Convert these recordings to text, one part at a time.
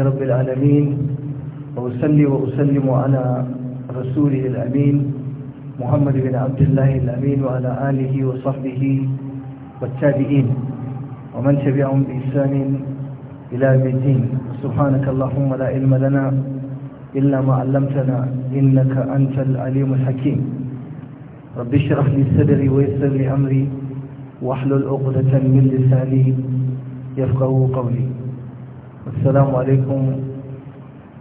رب العالمين وأسلي وأسلم على رسوله الأمين محمد بن عبد الله الأمين وعلى آله وصحبه والتابعين ومن تبعهم بإحسان إلى يوم الدين سبحانك اللهم لا علم لنا إلا ما علمتنا إنك أنت العليم الحكيم رب اشرح لي صدري ويسر لي أمري واحلل عقدة من لساني يفقهوا قولي assalamu alaikum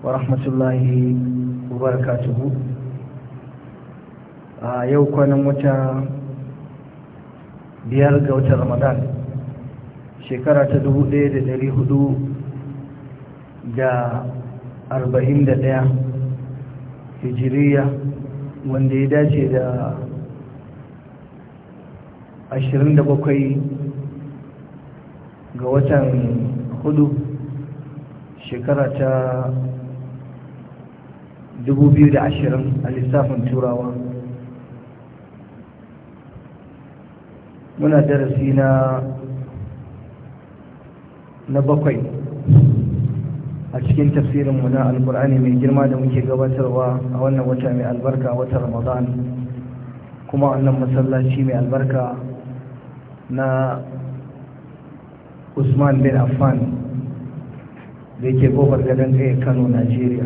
wa rahmatullahi wa barakatuhu a yau kwanan wata biyar ga wata ramadan shekara ta dubu ɗaya da dari hudu da arba'in da ɗaya hijiriya wanda ya dace da ashirin da bakwai ga watan hudu shekara ta 2020 a lissafin turawa muna darasi na na bakwai a cikin tafsirinmu na alkur'ani mai girma da muke gabatarwa a wannan wata mai albarka wata ramadan kuma wannan masallaci mai albarka na usman bin affan da yake ƙofar gadon kai kano najeriya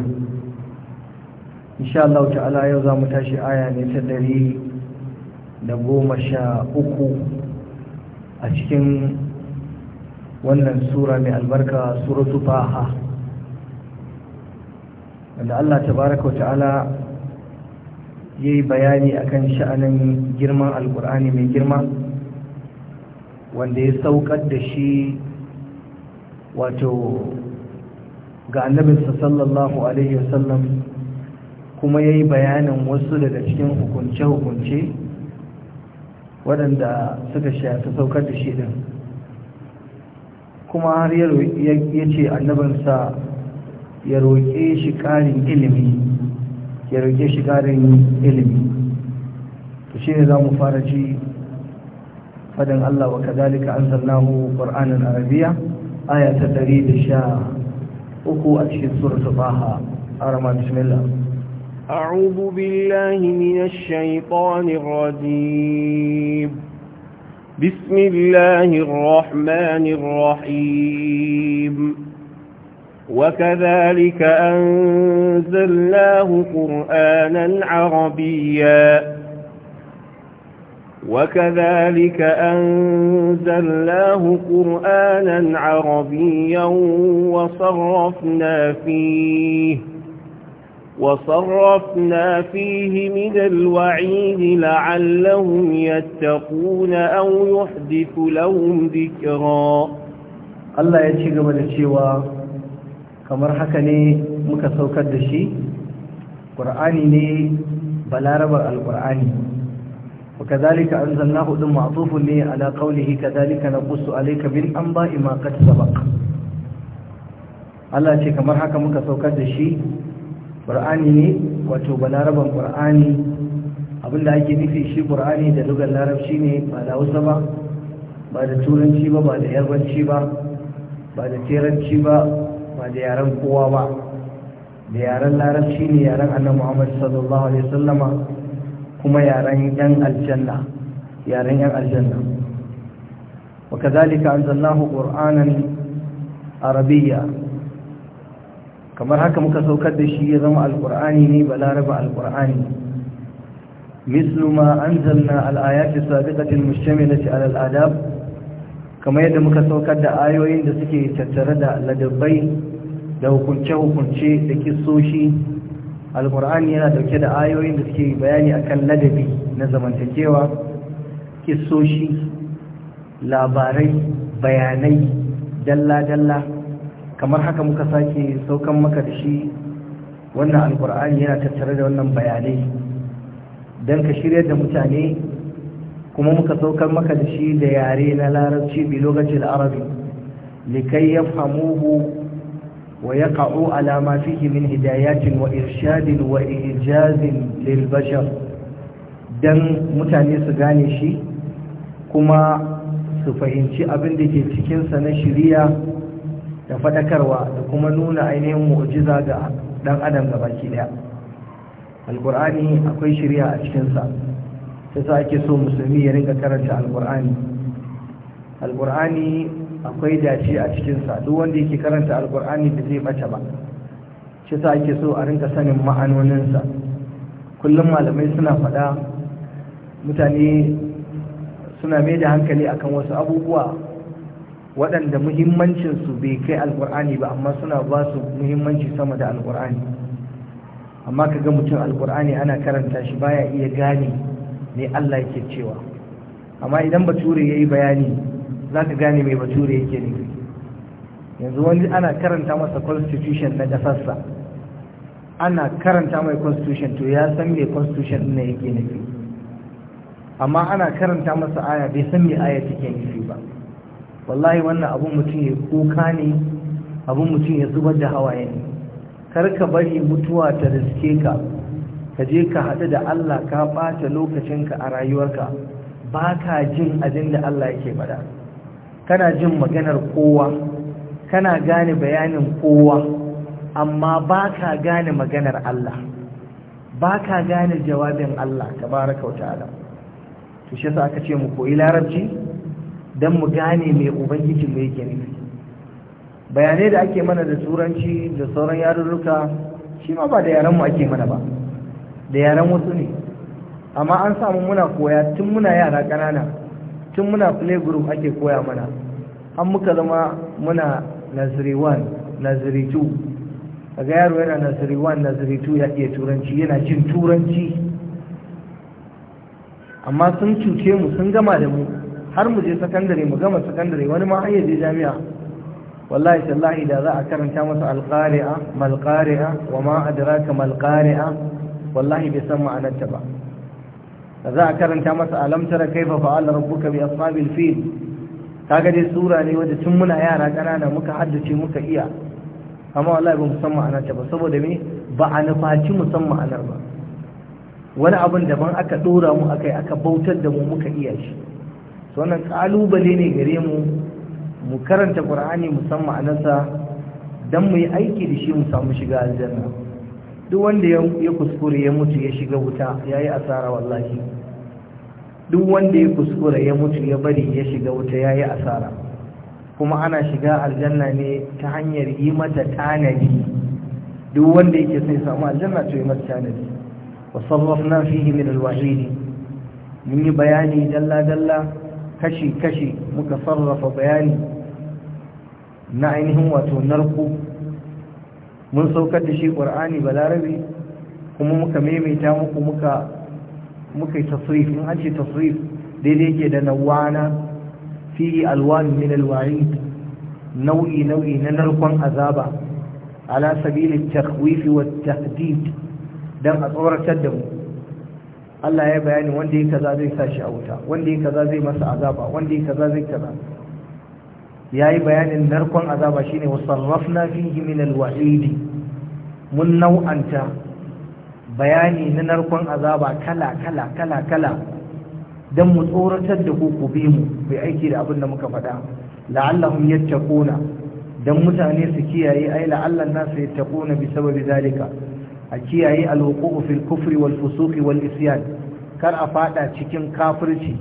insha Allah ta'ala yau za mu tashi aya ne ta dari da goma sha uku a cikin wannan sura mai albarka suratu faha wanda Allah tabaraka ta'ala ya yi bayani akan sha'anin girman Alƙur'ani mai girma wanda ya saukar da shi wato ga annabinsa sallallahu alaihi wasallam kuma ya yi bayanin wasu daga cikin hukunce-hukunce waɗanda suka shafi saukar da shi ɗin kuma har ya ce annabinsa ya roƙe shi ƙarin ilimi ya roƙe shi ƙarin ilimi to shi ne za mu fara ji fadin Allah wa kazalika an zannahu ƙwar'anin ayata aya da sha. uku a cikin suratul baha arama bismillah أعوذ بالله من الشيطان الرجيم بسم الله الرحمن الرحيم وكذلك أنزلناه قرآنا عربيا وكذلك أنزلناه قرآنا عربيا وصرفنا فيه وصرفنا فيه من الوعيد لعلهم يتقون أو يحدث لهم ذكرا الله يتشغل من الشيوى kamar haka ne muka saukar da shi ƙur'ani ne balarabar alƙur'ani وكذلك أنزلناه ذم معطوف لي على قوله كذلك نقص عليك بالأنباء ما قد سبق Allah ce kamar haka muka saukar da shi Qur'ani ne wato balaraban Qur'ani abinda ake nufi shi Qur'ani da lugar larabci ne ba da Hausa ba ba da turanci ba ba da yarbanci ba ba da teranci ba ba da yaren kowa ba da yaren larabci ne yaren annabi Muhammad sallallahu alaihi wasallama kuma yaren yan aljanna yaren yan aljanna wa anzalnahu qur'anan arabiyya kamar haka muka saukar da shi ya zama alqur'ani ne balaraba alqur'ani mislu ma anzalna al-ayati sabiqati mustamilati ala al kamar yadda muka saukar da ayoyin da suke tattare da ladabai da hukunce-hukunce da kisoshi alkur'ani yana dauke da ayoyin da suke bayani akan ladabi na zamantakewa kissoshi labarai bayanai dalla-dalla kamar haka muka sake saukan maka da shi wannan alkur'ani yana tattare da wannan bayanai don ka shirya da mutane kuma muka saukan maka da shi da yare na larabci bi lokacin arabi likai ya ويقع على ما فيه من هدايات وإرشاد وإيجاز للبشر dan mutane su gane shi kuma su fahimci abin da ke cikinsa na shiriya da faɗakarwa da kuma nuna ainihin mu'jiza ga ɗan adam ga baki ɗaya alkur'ani akwai shiriya a cikinsa ta sa ake so musulmi ya ringa karanta alkur'ani alkur'ani akwai dace a cikinsa duk wanda yake karanta alkur'ani da zai bata ba shi sa ake so a rinka sanin ma'anoninsa kullum malamai suna faɗa mutane suna mai da hankali akan wasu abubuwa waɗanda muhimmancinsu bai kai alkur'ani ba amma suna ba su muhimmanci sama da alkur'ani amma kaga mutum alkur'ani ana karanta shi baya iya gane ne allah yake cewa amma idan bature ya yi bayani za ka gane mai bature yake ne yanzu wani ana karanta masa constitution na gasassa. ana karanta mai constitution to ya san mai constitution ne yake ne amma ana karanta masa aya bai san mai aya take nufi ba wallahi wannan abun mutum ya kuka ne abun mutum ya zubar da hawaye ne kar ka bari mutuwa ta riske ka ka je ka haɗu da Allah ka ɓata lokacinka a rayuwarka ba ka jin abin da Allah yake faɗa. kana jin maganar kowa kana gane bayanin kowa amma ba ka gane maganar Allah ba ka gane jawabin Allah tabaraka wata'ala to shi sa aka ce mu koyi larabci Don mu gane mai ubangiji mu yake bayanai da ake mana da turanci da sauran yarurruka shi ma ba da yaranmu ake mana ba da yaran wasu ne amma an samu muna koya tun muna yara ƙanana tun muna play group ake koya mana an muka zama muna nazari 1 nazari 2 ga yaro yana nazari 1 nazari 2 ya iya turanci yana jin turanci amma sun cuce mu sun gama da mu har mu je sakandare mu gama sakandare wani ma hanyar je jami'a wallahi sallahi da za a karanta masa alqari'a malqari'a wa ma adraka malqari'a wallahi bai san ma'anarta ba za a karanta masa alam tara kaifa fa'ala rabbuka bi ashabil fil kaga dai sura ne wanda tun muna yara kanana muka haddace muka iya amma wallahi ba musamman ana ta ba saboda me ba a nufaci musamman anar ba wani abin daban aka dora mu akai aka bautar da mu muka iya shi to wannan kalubale ne gare mu mu karanta qur'ani musamman anarsa dan mu yi aiki da shi mu samu shiga aljanna duk wanda ya kuskure ya mutu ya shiga wuta ya yi asara wallahi duk wanda ya kuskure ya mutu ya bari ya shiga wuta ya yi asara kuma ana shiga aljanna ne ta hanyar yi mata tanadi duk wanda yake sai samu aljanna to yi mata tanadi wa sarrafna fihi min alwahid mun yi bayani dalla dalla kashi kashi muka sarrafa bayani na ainihin wato narko mun saukar da shi ƙwar'ani balarabe kuma muka maimaita muku muka muka yi tasrif in an ce tasrif daidai ke da nawana fiye alwani min alwa'id nau'i nau'i na narkon azaba ala sabilin takhwifi wa tahdid dan a tsoratar da mu Allah ya bayani wanda ya kaza zai sashi a wuta wanda ya kaza zai masa azaba wanda ya kaza zai kaza Ya yi bayanin narkon azaba shine wasarrafna fihi min alwa'idi mun nau'anta bayani na narkon azaba kala kala kala kala don mu tsoratar da ku ku bi mu bai aiki da abin da muka faɗa la'allahum yattaquna dan mutane su kiyaye ai la'allan nasu yattaquna bi sababi zalika a kiyaye alwuqu fil kufri wal fusuqi wal isyan kar a fada cikin kafirci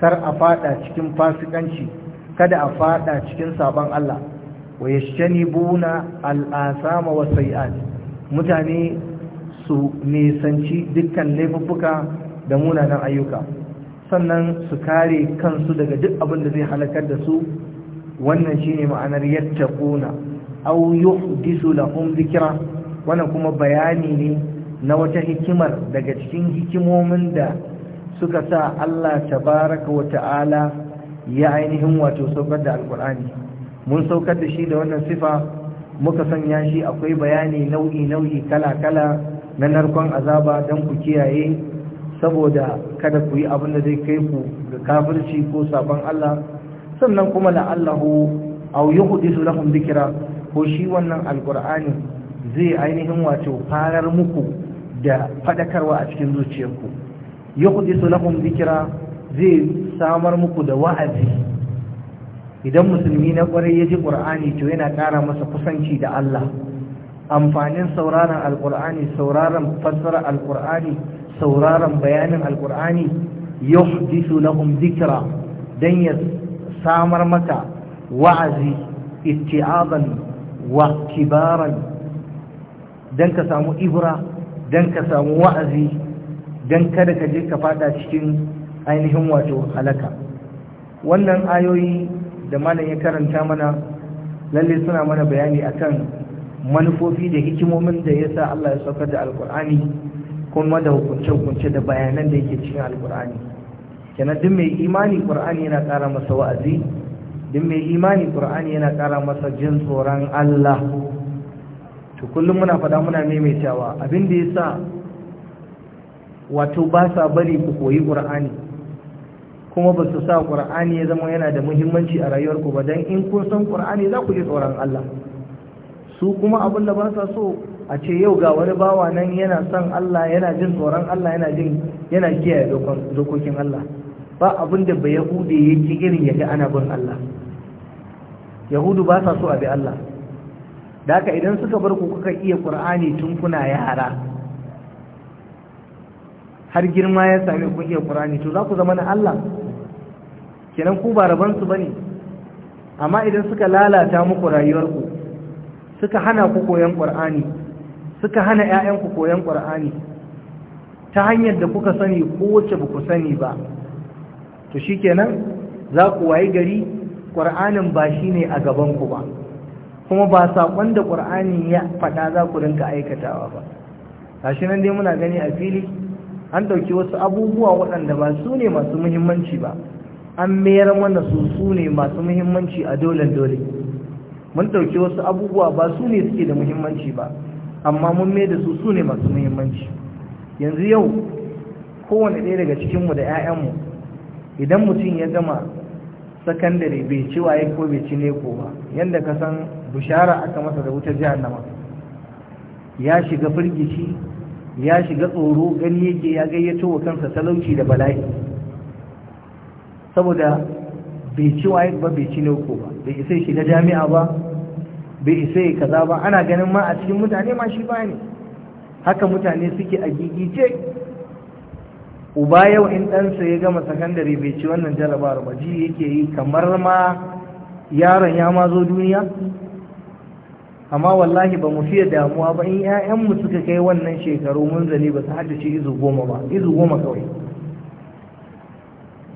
kar a fada cikin fasikanci kada a fada cikin saban Allah wa buna al asama was mutane su nisanci dukkan laifuffuka da munanan ayyuka sannan su kare kansu daga duk abin da zai halakar da su wannan shine ma'anar yadda kuna aw yuhdisu lahum dhikra wannan kuma bayani ne na wata hikimar daga cikin hikimomin da suka sa Allah baraka wa ta'ala ya ainihin wato saukar da alkur'ani mun saukar da shi da wannan sifa muka sanya shi akwai bayani nau'i nau'i kala kala na narkon azaba don ku kiyaye saboda kada ku yi abin da zai kai ku ga kafirci ko sabon Allah sannan kuma la'allahu hudu su lafin dukira ko shi wannan alkur'ani zai ainihin wato farar muku da fadakarwa a cikin zuciyarku su lafin dukira zai samar muku da wa'azi idan musulmi na kwarai ya ji ƙur'ani to yana ƙara masa kusanci da Allah amfanin sauraron Al-Ƙur'ani, sauraron fassara Al-Ƙur'ani, sauraron bayanin alƙur'ani yuhdisu lahum dhikra dan ya samar maka wa'azi itti'aban wa kibaran dan ka samu ibra dan ka samu wa'azi dan kada ka je ka fada cikin ainihin wato halaka wannan ayoyi da malam ya karanta mana lalle suna mana bayani akan manufofi da hikimomin da yasa Allah ya saukar da alkur'ani kuma da hukunce-hukunce da bayanan da yake cikin alkur'ani kenan duk mai imani qur'ani yana ƙara masa wa'azi duk mai imani qur'ani yana ƙara masa jin tsoron Allah to kullum muna faɗa muna maimaitawa abin da yasa wato ba sa bari ku koyi qur'ani kuma ba su sa ƙur'ani ya zama yana da muhimmanci a rayuwarku ba don in kun san ƙur'ani za ku ji tsoron Allah su kuma abin da ba sa so a ce yau ga wani bawa nan yana son Allah yana jin tsoron Allah yana jin yana kiyaye dokokin Allah ba abin da ba yahudu ya ki irin ya ga ana bin Allah yahudu ba sa so a bi Allah da haka idan suka bar ku kuka iya ƙur'ani tun kuna yara har girma ya sami ku iya ƙur'ani, to za ku zama na Allah kenan ku ba raban su bane amma idan suka lalata muku rayuwarku suka hana ku koyan ƙur'ani, suka hana 'ya'yanku koyan ƙur'ani ta hanyar da kuka sani ko wacce ba ku sani ba to shi kenan za ku wayi gari ƙur'anin ba shi ne a gaban ku ba kuma ba saƙon da ƙur'ani ya faɗa za ku rinka aikatawa ba shi nan dai muna gani a fili an ɗauki wasu abubuwa waɗanda ba su ne masu muhimmanci ba an mayar mana su su ne masu muhimmanci a dole dole mun ɗauki wasu abubuwa ba su ne suke da muhimmanci ba amma mun mai da su su ne masu muhimmanci yanzu yau kowane ɗaya daga cikinmu da 'ya'yanmu idan mutum ya gama sakandare bai ci waye ko bai ci ne ko ba yadda ka san bushara aka masa da wutar jihar nama ya shiga firgici ya shiga tsoro gani yake ya gayyato wa kansa talauci da bala'i saboda bai ci waye ba bai ci nauko ba bai isa shiga jami'a ba bai isa kaza ba ana ganin ma a cikin mutane ma shi ba ne haka mutane suke a gigice uba yau in ɗansa ya gama sakandare bai ci wannan jarabar ba ji yake yi kamar ma yaron ya ma zo duniya amma wallahi ba mu fiye damuwa ba in 'ya'yanmu suka kai wannan shekaru mun zane ba su shi izu goma ba izu goma kawai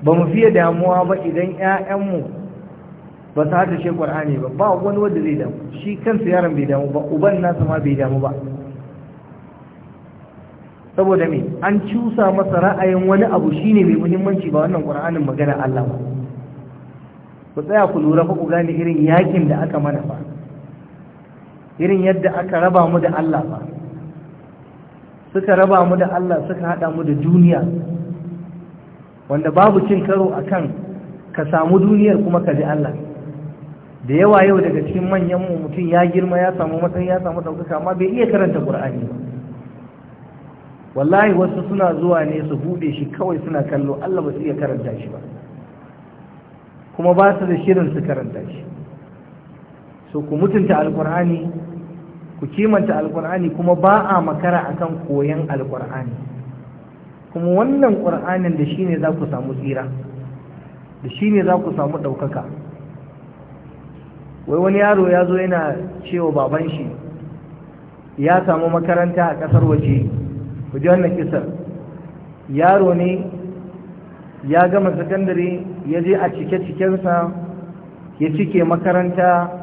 ba mu fiye damuwa ba idan 'ya'yanmu ba su shi qur'ani ba ba wani wanda zai damu shi kansa yaron bai damu ba uban nasa ma bai damu ba saboda me an cusa masa ra'ayin wani abu shine mai muhimmanci ba wannan qur'anin magana Allah ba ku tsaya ku lura fa ku gane irin yakin da aka mana ba irin yadda aka raba mu da Allah ba suka raba mu da Allah suka hada mu da duniya wanda babu cin karo akan ka samu duniyar kuma ka ji Allah da yawa yau daga cikin manyan mu mutum ya girma ya samu matsayi ya samu ɗaukaka amma bai iya karanta Qur'ani ba wallahi wasu suna zuwa ne su bude shi kawai suna kallo Allah ba su iya karanta shi ba kuma ba su da shirin su karanta shi so ku mutunta alkur'ani ku kimanta alkur'ani kuma ba a makara akan koyan alkur'ani kuma wannan ƙur'anin da shine za ku samu tsira da shine za ku samu ɗaukaka wai wani yaro ya zo yana cewa baban shi ya samu makaranta a ƙasar waje ku ji wannan kisar yaro ne ya gama sakandare ya je a cike-cikensa ya cike makaranta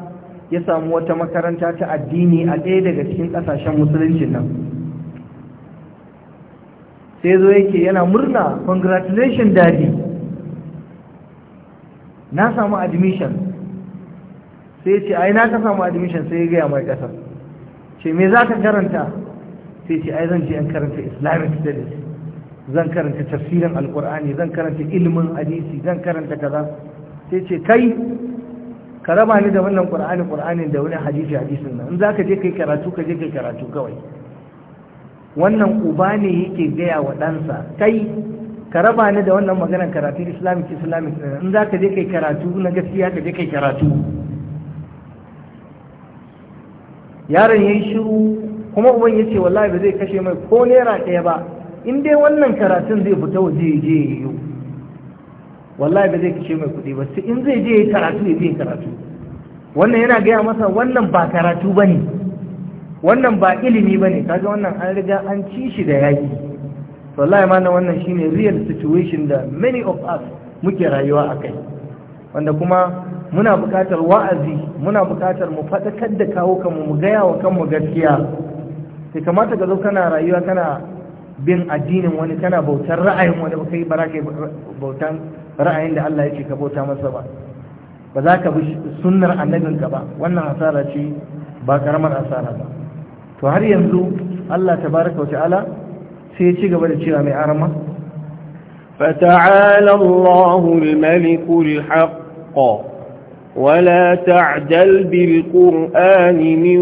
ya samu wata makaranta ta addini a ɗaya daga cikin ƙasashen musuluncin nan sai zo yake yana murna congratulation daddy na samu admission sai ce ai na ka samu admission sai ya gaya mai ƙasar ce me za ka karanta sai ce ai zan je an karanta islamic studies zan karanta tafsirin alkur'ani zan karanta ilimin hadisi zan karanta kaza sai ce kai ka raba ni da wannan ƙur'ani ƙur'ani da wani hadisi hadisin nan in ka je kai karatu ka je kai karatu kawai wannan uba ne yake gaya wa ɗansa kai ka raba ni da wannan maganar karatu islamic islamic in za ka je kai karatu na gaskiya ka je kai karatu yaron ya shiru kuma uban ya ce wallahi ba zai kashe mai ko naira ɗaya ba in dai wannan karatun zai fita waje je yau. wallahi ba zai kashe mai kuɗi ba sai in zai je ya karatu ya je karatu wannan yana gaya masa wannan ba karatu ba ne wannan ba ilimi ba ne kaga wannan an riga an ci shi da yaƙi wallahi ma na wannan shine real situation da many of us muke rayuwa a kai wanda kuma muna buƙatar wa'azi muna buƙatar mu faɗakar da kawo kanmu mu gaya wa kanmu gaskiya sai kamata ka zo kana rayuwa kana bin addinin wani kana bautar ra'ayin wani kai ba bautan ra'ayin da Allah yake ka bauta masa ba ba za ka bi sunnar annabinka ba wannan asara ce ba karamar asara ba to har yanzu Allah tabaraka wa ta'ala sai ya ci gaba da cewa mai arama فتعالى الله الملك الحق ولا تعجل بالقرآن من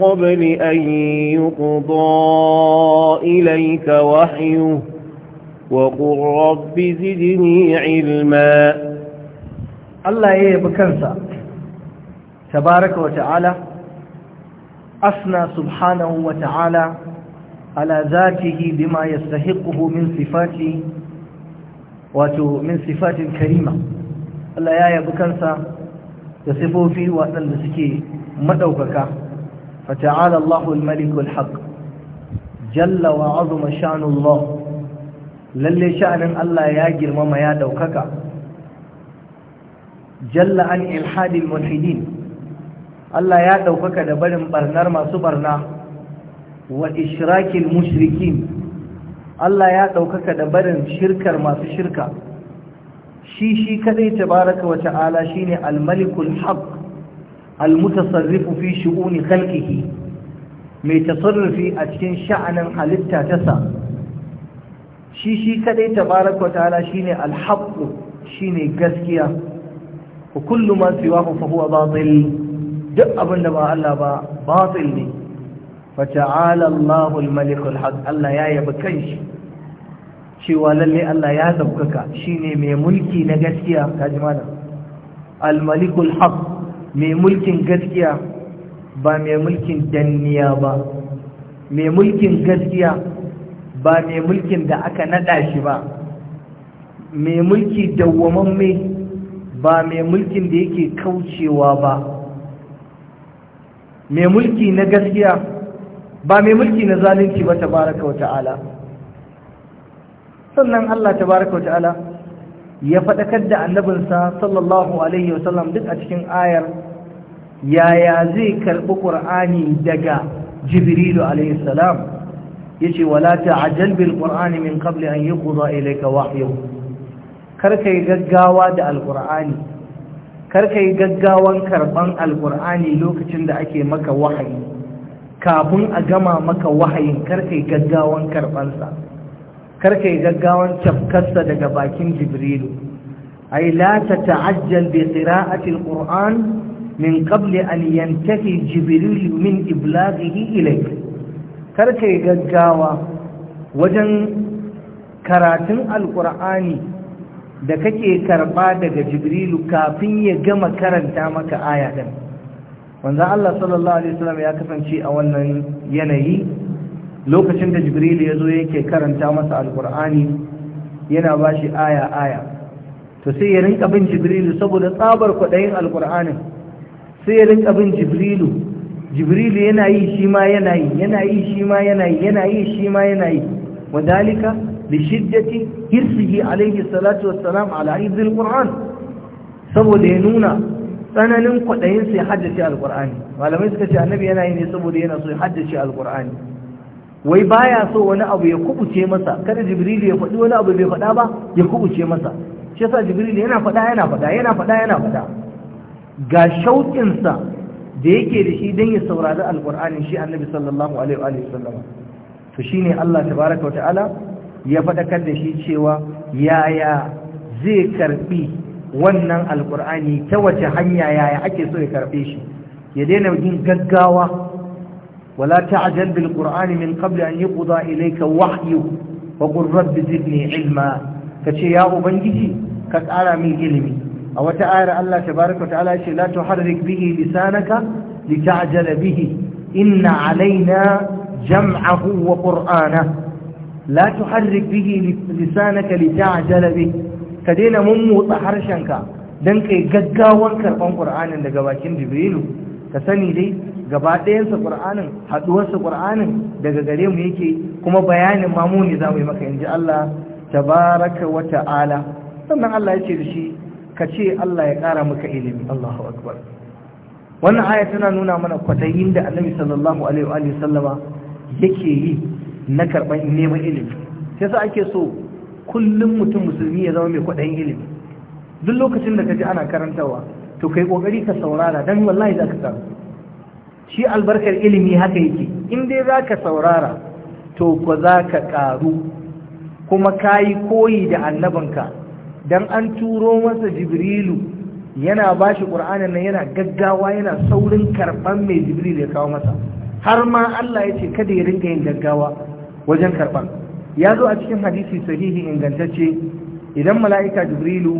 قبل أن يقضى إليك وحيه وقل رب زدني علما الله يبكنسا تبارك وتعالى أثنى سبحانه وتعالى على ذاته بما يستحقه من صفات ومن صفات كريمة الله يا يبكنسا يصفه فيه وأن المسكي مدوكك فتعالى الله الملك الحق جل وعظم شأن الله lalle sha'anin Allah ya girmama ya daukaka jalla an ilhadil mulhidin Allah ya daukaka da barin barnar masu barna wa ishrakil mushrikin Allah ya daukaka da barin shirkar masu shirka shi shi kadai tabaraka wa ta'ala shine al-malikul haqq al-mutasarrifu fi shu'uni khalqihi mai tasarrufi a cikin sha'anin halitta tasa shi shi kadai tabaraka ta'ala shine al shine gaskiya wa kullu ma siwahu fa huwa batil duk abinda ba Allah ba batil ne fa ta'ala Allahu al-malik al-haq Allah ya yabi kanshi cewa lalle Allah ya daukaka shine mai mulki na gaskiya kaji malam al-malik al-haq mai mulkin gaskiya ba mai mulkin danniya ba mai mulkin gaskiya ba mai mulkin da aka nada shi ba mai mulki dawwamamme ba mai mulkin da yake kaucewa ba mai mulki na gaskiya ba mai mulki na zalunci ba tabaraka wa ta'ala sannan Allah baraka wa ta'ala ya faɗakar da annabinsa sallallahu alaihi wasallam duk a cikin ayar yaya zai karɓi ƙur'ani daga jibrilu alaihi salam yace wala ta'jal bil qur'ani min qabli an yuqda ilayka wahyu karka yi gaggawa da alqur'ani karka yi gaggawan karban alqur'ani lokacin da ake maka wahayi kafin a gama maka wahayin karka yi gaggawan karban sa karka yi gaggawan tafkarsa daga bakin jibrilu ay la tata'ajjal bi qira'ati alqur'an min qabli an yantahi jibril min iblaghihi ilayka karke gaggawa wajen karatun alkur'ani da kake karba daga jibrilu kafin ya gama karanta maka aya din Allah sallallahu alaihi wasallam ya kasance a wannan yanayi lokacin da jibrilu ya zo yake karanta masa alkur'ani yana ba shi aya aya to sai ya rinka bin jibrilu saboda tsabar kwaɗayin alkur'anin sai ya rinka bin jibrilu jibrilu yana yi shi ma yana yi yana yi shi ma yana yi yana yi shi ma yana yi wadalika li shiddati hirsihi alayhi salatu wassalam ala hizil qur'an saboda ya nuna tsananin kwaɗayin sai haddace alqur'ani malamai suka ce annabi yana yi ne saboda yana so ya haddace alqur'ani wai baya so wani abu ya kubuce masa kada jibrilu ya faɗi wani abu bai faɗa ba ya kubuce masa shi yasa jibrilu yana faɗa yana faɗa yana faɗa yana faɗa ga shauƙinsa da yake da shi don ya saurari alkur'ani shi annabi sallallahu alaihi wa to shine Allah tabaraka ta'ala ya faɗakar da shi cewa yaya zai karbi wannan alkur'ani ta wace hanya yaya ake so ya karbe shi ya daina yin gaggawa wala ta'jal bil qur'ani min qabl an yuqda ilayka wahyu wa qur rabbi zidni ilma kace ya ubangiji ka tsara min ilimi a wata ayar Allah tabaraka ta'ala ce la tuharrik bihi lisanaka litajala bihi inna alaina jam'ahu wa qur'ana la tuharrik bihi lisanaka litajala bihi ka daina mummutsa harshenka dan kai gaggawan karban qur'anin daga bakin jibrilu ka sani dai gaba ɗayansa ƙur'anin haɗuwarsa ƙur'anin daga gare mu yake kuma bayanin mamu ne za mu yi maka inji ji Allah tabaraka wa ta'ala sannan Allah ya ce da shi ka ce Allah ya ƙara maka ilimi Allahu akbar wannan aya tana nuna mana kwatayin da annabi sallallahu alaihi wa sallama yake yi na karɓar neman ilimi sai sa ake so kullum mutum musulmi ya zama mai kwaɗayin ilimi duk lokacin da ka ji ana karantawa to kai ƙoƙari ka saurara don wallahi za ka samu shi albarkar ilimi haka yake in dai za ka saurara to ko za ka ƙaru kuma ka yi koyi da annabanka dan an turo masa jibrilu yana ba shi ƙur'anin nan yana gaggawa yana saurin karɓan mai jibrilu ya kawo masa har ma Allah ya ce kada ya rinka yin gaggawa wajen karɓan ya zo a cikin hadisi sahihi ingantacce idan mala'ika jibrilu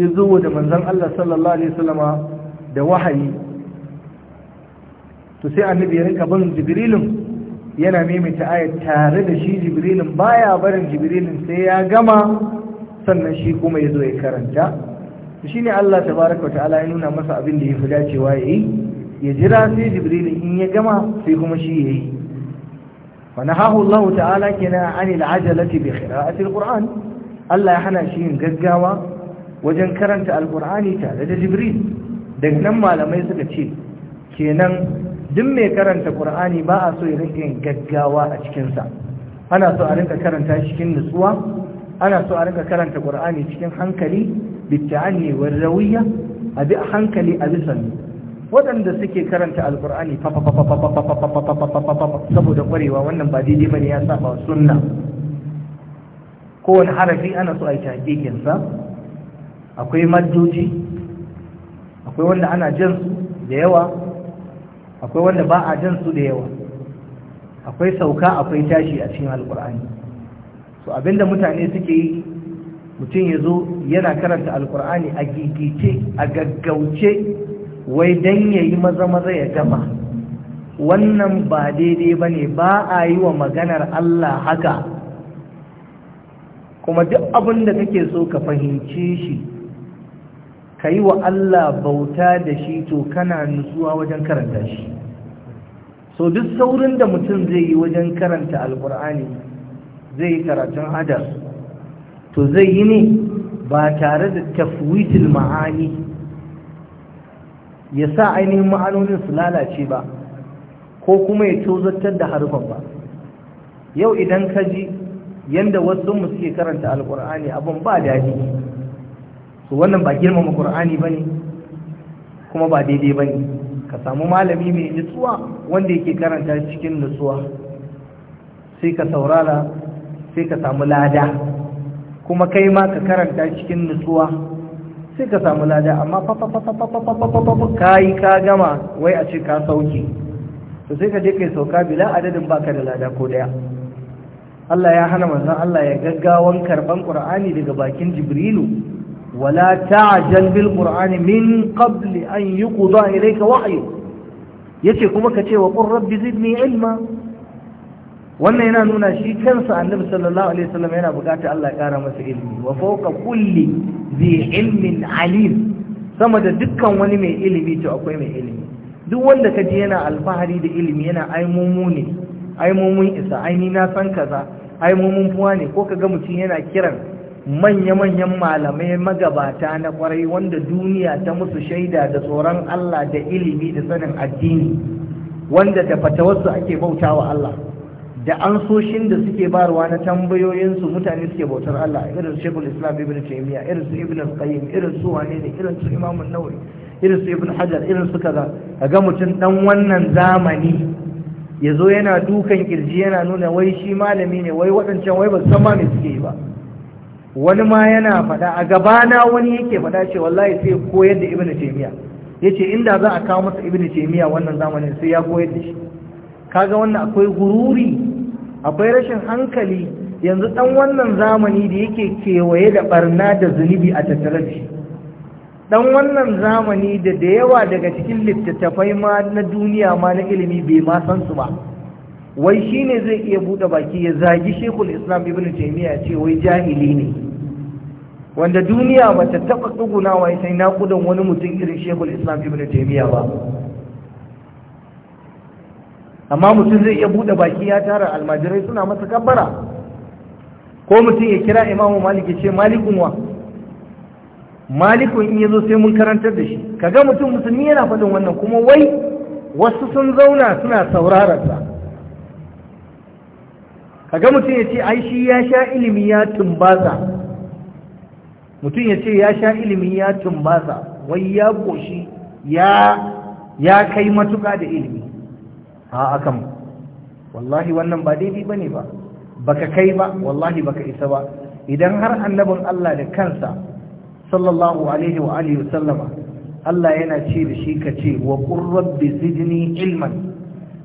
ya zo da manzon Allah sallallahu alaihi wasallama da wahayi to sai annabi ya rinka bin jibrilun yana maimaita ayat tare da shi jibrilun baya barin jibrilun sai ya gama sannan shi kuma ya zo ya karanta shi ne Allah tabaraka ta'ala ya nuna masa abin da ya fi dacewa ya yi ya jira sai jibril in ya gama sai kuma shi ya yi wa nahahu Allah ta'ala kina anil ajalati bi qira'ati alquran Allah ya hana shi yin gaggawa wajen karanta alqur'ani tare da jibril daga nan malamai suka ce kenan duk mai karanta qur'ani ba a so ya rike yin gaggawa a cikin sa ana so a rinka karanta cikin nutsuwa ana so a rinka karanta qur'ani cikin hankali bitta'ani wa rawiya a bi hankali a bisan waɗanda suke karanta alqur'ani saboda ƙwarewa wannan ba daidai bane ya saba sunna kowane harafi ana so a yi hakikin sa akwai maddoji akwai wanda ana jan su da yawa akwai wanda ba a jan su da yawa akwai sauka akwai tashi a cikin alqur'ani to abinda mutane suke yi mutum ya zo yana karanta alkur'ani a gigice a gaggauce wai don ya yi maza-maza ya gama wannan ba daidai ba ne ba a yi wa maganar Allah haka kuma duk abin da kake so ka fahimce shi ka yi wa Allah bauta da shi to kana nutsuwa wajen karanta shi so duk saurin da mutum zai yi wajen karanta alkur'ani zai yi karatun hadar to zai yi ne ba tare da tafwitul ma'ani ya sa ainihin ma'anonin su lalace ba ko kuma ya tozartar da harfan ba yau idan ka ji yadda wasu mu suke karanta alkur'ani abin ba daɗi su wannan ba girmama kur'ani ba ne kuma ba daidai ba ne ka samu malami mai nutsuwa wanda yake karanta cikin nutsuwa sai ka saurara sai ka samu lada kuma kai ma ka karanta cikin nutsuwa sai ka samu lada amma ka yi ka gama wai a ce ka sauke to sai ka je kai sauka bila adadin baka da lada ko daya Allah ya hana manzon Allah ya gaggawan karban Qur'ani daga bakin Jibrilu wala ta'jal bil Qur'ani min qabl an yuqda ilayka wahyu yace kuma ka ce wa qur rabbi zidni ilma wannan yana nuna shi kansa annabi sallallahu alaihi wasallam yana bukata Allah ya kara masa ilimi wa fawqa kulli dhi ilmin alim sama da dukkan wani mai ilimi to akwai mai ilimi duk wanda ka ji yana alfahari da ilimi yana ai mumu ne ai isa ai ni na san kaza ai mumun fuwa ne ko kaga mutum yana kiran manya-manyan malamai magabata na kwarai wanda duniya ta musu shaida da tsoron Allah da ilimi da sanin addini wanda da fatawarsu ake bautawa Allah da ansoshin da suke barwa na tambayoyinsu mutane suke bautar Allah irin su Sheikhul Islam Ibn Taymiyyah irin su Ibn Qayyim irin su wane ne irin su Imam An-Nawawi irin su Ibn Hajar irin su kaza kaga mutum dan wannan zamani yazo yana dukan kirji yana nuna wai shi malami ne wai wadancan wai ba san ma me suke yi ba wani ma yana faɗa a gabana wani yake faɗa ce wallahi sai koyar da Ibn Taymiyyah yace inda za a kawo masa Ibn Taymiyyah wannan zamanin sai ya koyar da shi kaga wannan akwai gururi akwai rashin hankali yanzu dan wannan zamani da yake kewaye da barna da zunubi a tattare da shi dan wannan zamani da da yawa daga cikin littattafai ma na duniya ma na ilimi bai ma san su ba wai shine zai iya bude baki ya zagi Sheikhul Islam Ibn Taymiyyah ce wai jahili ne wanda duniya ba ta taba wai sai na kudan wani mutum irin Sheikhul Islam Ibn Taymiyyah ba amma mutum zai iya buɗe baki ya tara almajirai suna masa kabbara ko mutum ya kira imamu Maliki ce malikun wa malikun in ya sai mun karantar da shi kaga mutum musulmi yana faɗin wannan kuma wai wasu sun zauna suna saurararsa kaga mutum ya ce ai shi ya sha ilimi ya tumbasa mutum ya ce ya sha ilimi ya tumbasa wai ya goshi ya ya kai matuka da ilimi a akan wallahi wannan ba daidai ba ne ba baka kai ba wallahi baka isa ba idan har annabin Allah da kansa sallallahu alaihi wa alihi Allah yana ce da shi ka ce wa qur zidni ilman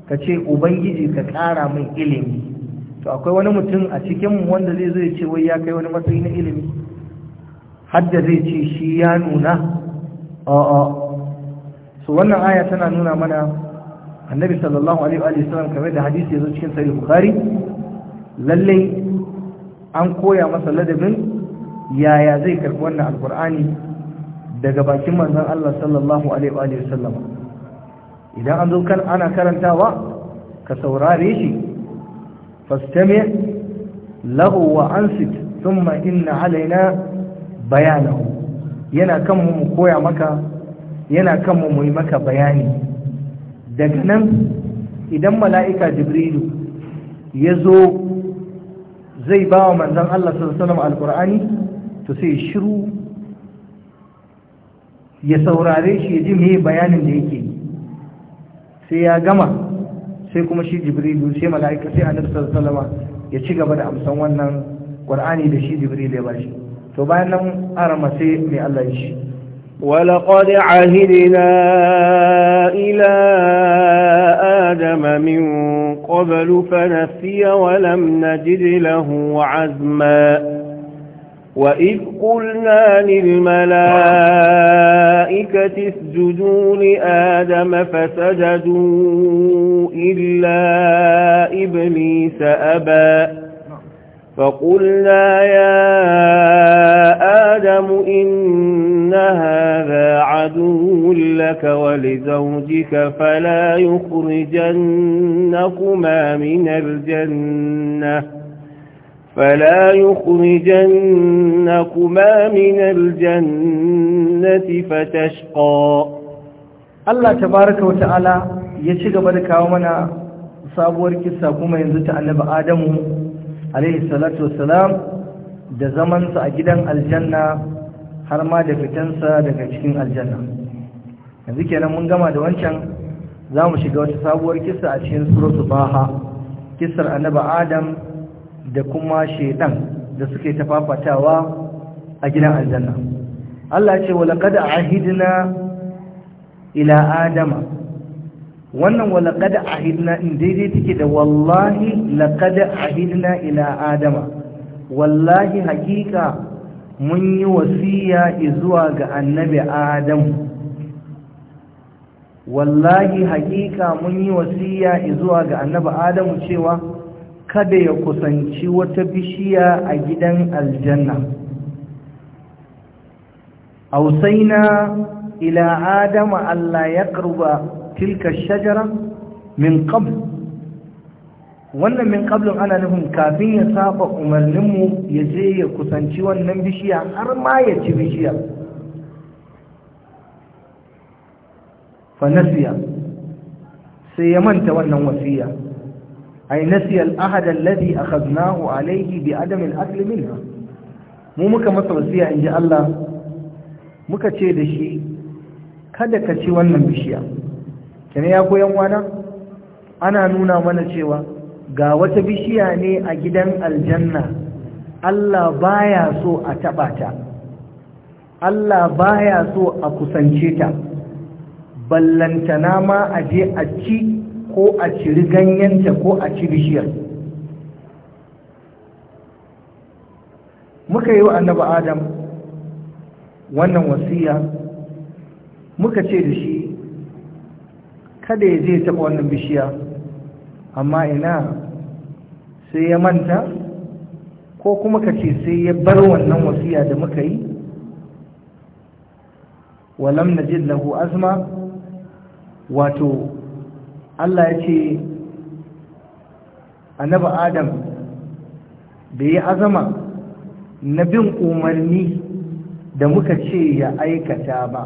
ka ce ubangiji ka ƙara min ilimi to akwai wani mutum a cikin wanda zai ya ce wai ya kai wani matsayi na ilimi hadda zai ce shi ya nuna a'a so wannan aya tana nuna mana annabi sallallahu alaihi wa sallam kamar da hadisi yazo cikin sahih bukhari lalle an koya masa ladabin yaya zai karbi wannan alqur'ani daga bakin manzon Allah sallallahu alaihi wa sallam idan an zo kan ana karantawa ka saurare shi fastami lahu wa ansit thumma inna alaina bayanahu yana kan mu koya maka yana kan mu yi maka bayani daga nan idan mala'ika jibrilu ya zo zai ba wa manzan Allah sallallahu alkur'ani to sai shiru ya saurare shi ya ji mai bayanin da yake sai ya gama sai kuma shi jibrilu sai mala'ika sai annabi sallallahu ya ci gaba da amsan wannan ƙurani da shi jibrilu ya ba shi to bayan nan arama sai mai Allah ya shi ولقد عهدنا إلى آدم من قبل فنسي ولم نجد له عزما وإذ قلنا للملائكة اسجدوا لآدم فسجدوا إلا إبليس أبى فقلنا يا آدم إن هذا عدو لك ولزوجك فلا يخرجنكما من الجنة فلا يخرجنكما من الجنة فتشقى الله تبارك وتعالى يشغب لك ومنا sabuwar kissa kuma yanzu ta annabi Adamu alaihi salatu wassalam da zamansa a gidan aljanna har ma da fitansa daga cikin aljanna yanzu kenan mun gama da wancan za mu shiga wata sabuwar kisa a cikin suratu baha kisar annabi adam da kuma shedan da suke tafafatawa a gidan aljanna Allah ce wa laqad ahidna ila adama wannan wa a ahidna in daidai take da wallahi a ahidna ila adama wallahi hakika mun yi wasiya zuwa ga annabi adam wallahi hakika mun yi wasiya zuwa ga annabi adam cewa kada ya kusanci wata bishiya a gidan aljanna ausaina ila adama Allah ya karba تلك الشجرة من قبل wannan min qablun ana nufin kafin ya saba umarninmu ya je ya kusanci wannan bishiya har ma ya ci bishiyar fanasiya sai ya manta wannan wasiya ay nasiya al-ahad alladhi akhadnahu alayhi bi adam al-akl minha mu muka masa wasiya inji Allah muka ce da shi kada ka ci wannan bishiya kene ya koyan wana ana nuna mana cewa ga wata bishiya ne a gidan aljanna Allah baya so a taba ta Allah baya so a kusance ta Ballanta na ma a je a ci ko a ciri ganyenta ko a ci bishiyar muka yi wa annabi adam wannan wasiya muka ce da shi kada ya je taɓa wannan bishiya amma ina sai ya manta ko kuma ka ce sai ya bar wannan wasiya da muka yi walam na jin lahu azma wato Allah ya ce annaba adam da ya azama na bin umarni da muka ce ya aikata ba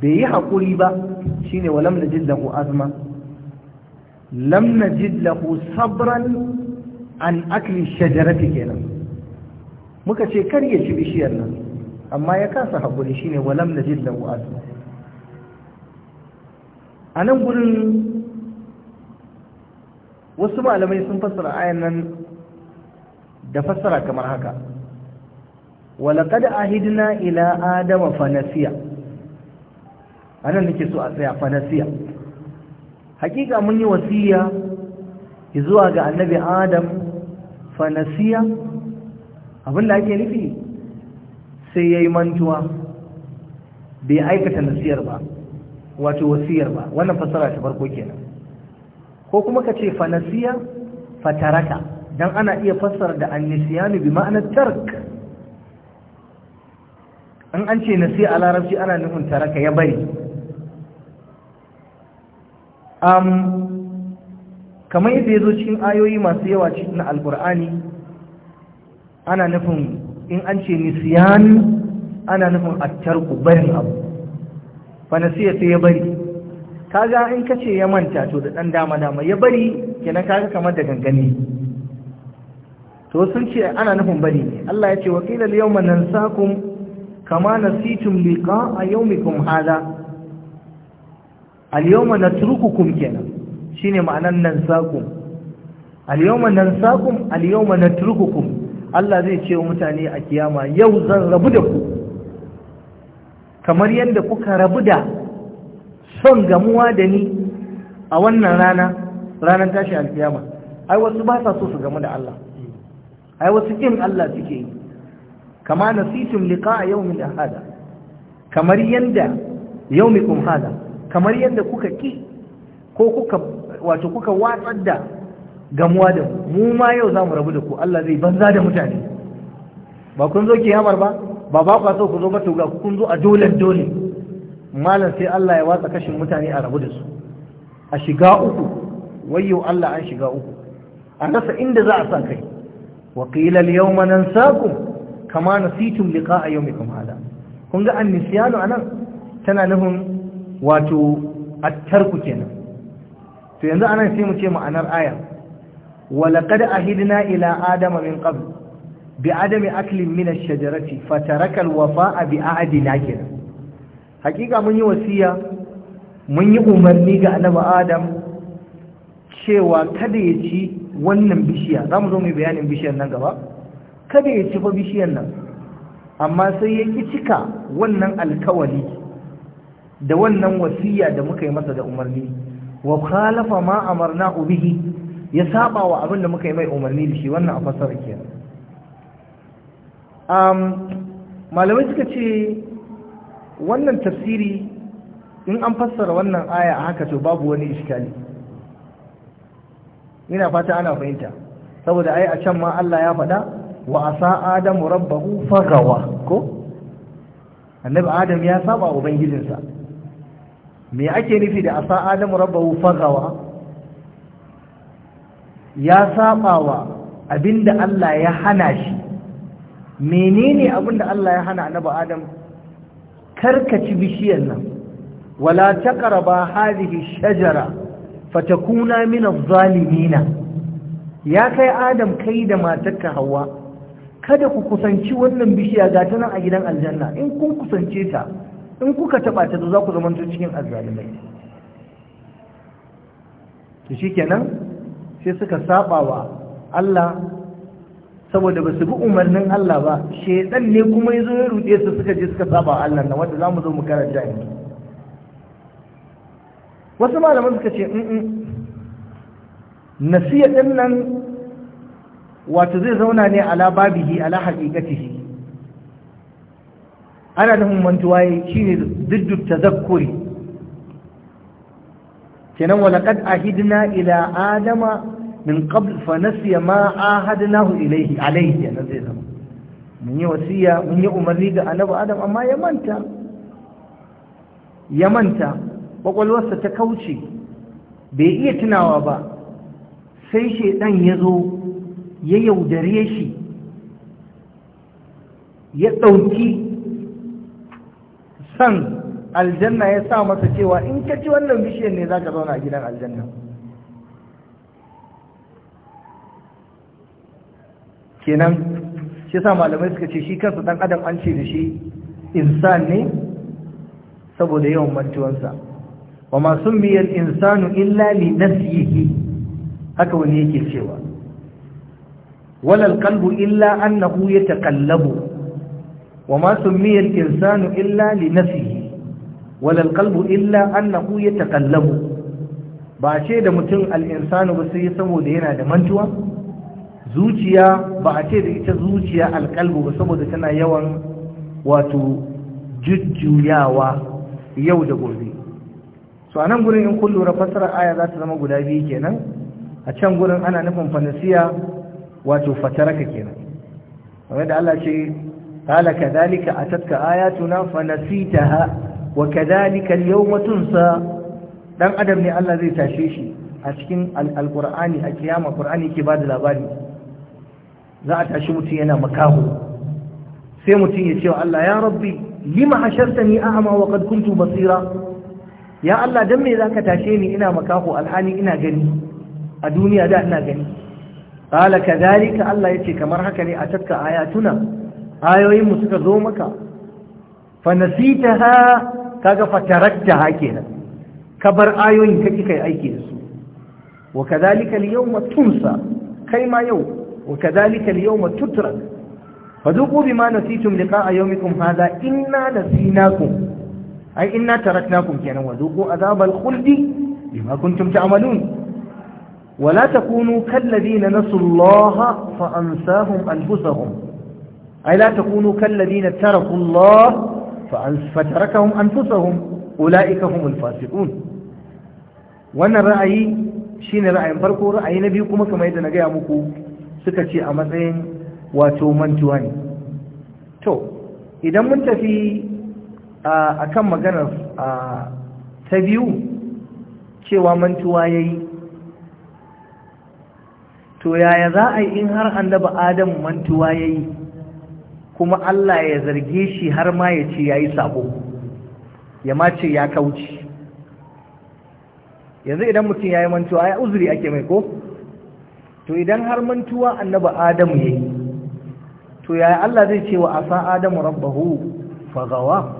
bai yi haƙuri ba shine walam najid lahu azma lam najid lahu sabran an akli shajarati kenan muka ce kar ya ci bishiyar nan amma ya kasa haƙuri shine walam najid lahu azma a nan gurin wasu malamai sun fassara ayan nan da fassara kamar haka walaƙad ahidna ila adama fanasiya anan nake so a tsaya fanasiya hakika mun yi wasiya zuwa ga annabi adam fanasiya da ake nufi sai ya yi mantuwa bai aikata nasiyar ba wato wasiyar ba wannan fasara ta farko kenan ko kuma ka ce fanasiya fataraka don ana iya fassara da annisiyanu bi ma'anar tark an an ce nasiya a larabci ana nufin taraka ya bari kamar yadda ya zo cikin ayoyi masu yawa cikin alkur'ani ana nufin in an ce nisiyan ana nufin attarku barin abu fanasiya sai ya bari kaga in ka ce ya manta to da ɗan dama-dama ya bari kenan kaga kamar da gangane to sun ce ana nufin bari Allah ya ce wa qila al-yawma nansakum kama nasitum yau yawmikum hada al-yawma natrukukum kenan shine ma'anan nan sakum al nan nansakum al-yawma natrukukum Allah zai ce wa mutane a kiyama yau zan rabu da ku kamar yadda kuka rabu da son gamuwa da ni a wannan rana ranar tashi alkiyama ai wasu ba sa so su gamu da Allah ai wasu kin Allah suke yi kama nasitum liqa'a yawmin hada kamar yanda yawmikum hada kamar yadda kuka ki ko kuka wato kuka watsar da gamuwa da mu ma yau za mu rabu da ku Allah zai banza da mutane ba kun zo kiyamar ba ba ba kwa so ku zo mata ga kun zo a dole dole malam sai Allah ya watsa kashin mutane a rabu da su a shiga uku wayyo Allah an shiga uku a rasa inda za a sa kai wa qila al-yawma nansakum kama nasitum liqa'a yawmikum hada kun ga an-nisyanu anan tana nufin wato tarku kenan to yanzu anan sai mu ce ma'anar aya walaqad ahidna ila adama min qabl bi adami aklin min ash-shajarati fataraka al-wafa'a bi ahadina kenan hakika mun yi wasiya mun yi umarni ga annabi adam cewa kada ya ci wannan bishiya za mu zo mu bayanin bishiyar nan gaba kada ya ci fa bishiyar nan amma sai ya ki cika wannan alkawali da wannan wasiya da muka yi masa da umarni wa khalafa ma amarna bihi ya saba wa abin da muka yi mai umarni da shi wannan a fasara ke um malamai suka ce wannan tafsiri in an fassara wannan aya a haka to babu wani iskali ina fata ana fahimta saboda ai a can ma Allah ya faɗa wa asa adamu rabbahu fagawa ko annabi adam ya saba ubangijinsa me ake nufi da asa adamu rabbahu fagawa ya sabawa abinda Allah ya hana shi menene abinda Allah ya hana annabi adam karkaci bishiyar nan wala taqraba hadhihi shajara fatakuna min adh-dhalimin ya kai adam kai da matarka hawa kada ku kusanci wannan bishiya ga nan a gidan aljanna in kun kusance ta in kuka taɓa ta za ku zama cikin azzalimai to kenan sai suka saba wa Allah saboda ba su bi umarnin Allah ba shedan ne kuma yazo ya rude su suka je suka saba wa Allah na wanda zamu zo mu karanta yanzu wasu malaman suka ce in mm, mm, nasiya din nan wato zai zauna ne ala babihi ala haqiqatihi ana nufin mantuwa ya shi ne duddu tazakkuri kenan kenan walaƙad ahidna ila adama min qabl fa nasiya ma ahadnahu ilayhi alayhi ya nazai zama mun yi wasiya mun yi umarni ga annabi adam amma ya manta ya manta kwakwalwarsa ta kauce bai iya tunawa ba sai shaidan ya zo ya yaudare shi ya ɗauki san aljanna ya sa masa cewa in ka ci wannan bishiyar ne za ka zauna a gidan aljanna kenan shi sa malamai suka ce shi kansa dan adam an ce da shi insan ne saboda yawan mantuwansa wa masu miyar insanu illa li nafsihi haka wani yake cewa wala al-qalbu illa annahu yataqallabu وما سمي الإنسان illa لنفسه ولا القلب Ba أنه يتقلب باشي ده متن ba بس يسمو yana da mantuwa. zuciya ba a ce da ita zuciya alƙalbu ba saboda tana yawan wato jujjuyawa yau da gobe so a nan gurin in kun lura fasara aya za ta zama guda biyu kenan a can gurin ana nufin fanasiya wato fataraka kenan kamar da Allah ce قال كذلك أتتك آياتنا فنسيتها وكذلك اليوم تنسى دان أدم ني الله زي أشكين القرآن أكيام القرآن كباد الأباني za a tashi mutum yana makaho sai mutum ya ce wa Allah ya rabbi lima hashartani a'ma wa qad kuntu basira ya Allah dan me zaka tashe ni ina makaho alhali ina gani a duniya da ina gani Allah yace kamar haka ne a tatka tuna. ayoyin mu suka zo maka fa nasitaha kaga fa tarakta taraktaha nan. ka bar ayoyin kake kai aiki da su wa kadhalika al-yawma tunsa kai ma yau wa kadhalika al-yawma tutrak Fa fadhuqu bima nasitum liqa'a yawmikum hadha inna nasinakum ay inna taraknakum kenan wa dhuqu adhabal khuldi bima kuntum ta'malun ولا تكونوا كالذين نسوا الله فأنساهم أنفسهم أي لا تكونوا كالذين تركوا الله فتركهم أنفسهم أولئك هم الفاسقون وأن الرأي شين رأي فرقوا رأي نبيكم كما يدنا قيامكم سكتي أمسين وتومنتواني تو إذا من تفي أكم مجانا تبيو cewa mantuwa yayi to yaya za a yi in har annaba adam mantuwa yayi kuma Allah ya zarge shi har ma ya ce ya yi sabo ya ma ya kauci yanzu idan mutum ya yi mantuwa ya uzuri ake mai ko to idan har mantuwa annaba adamu ya yi to ya Allah zai ce wa asa adamu rabbahu fagawa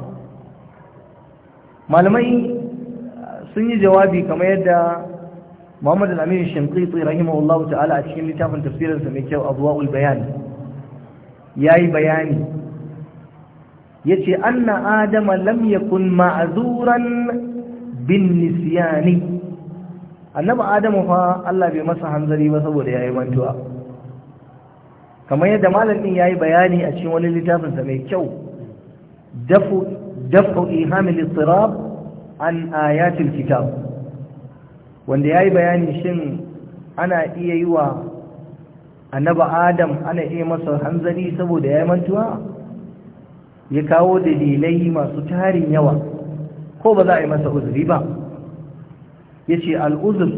malamai uh, sun yi jawabi kamar yadda muhammadu al-amin shinqiti rahimahullahu ta'ala a cikin littafin tafsirinsa mai kyau abuwa'ul bayan ya yi bayani ya ce anna adama lam yakun ma'azuran bin nisyani annaba adamu fa Allah bai masa hanzari ba saboda ya yi mantuwa kamar yadda malamin ya yi bayani a cikin wani littafinsa mai kyau dafu ihamil istirab an ayatul kitab wanda ya yi bayani shin ana iya yi wa annaba adam ana iya masa hanzari saboda ya mantuwa ya kawo dalilai masu tarin yawa ko ba za a yi masa uzuri ba ya ce al'uzur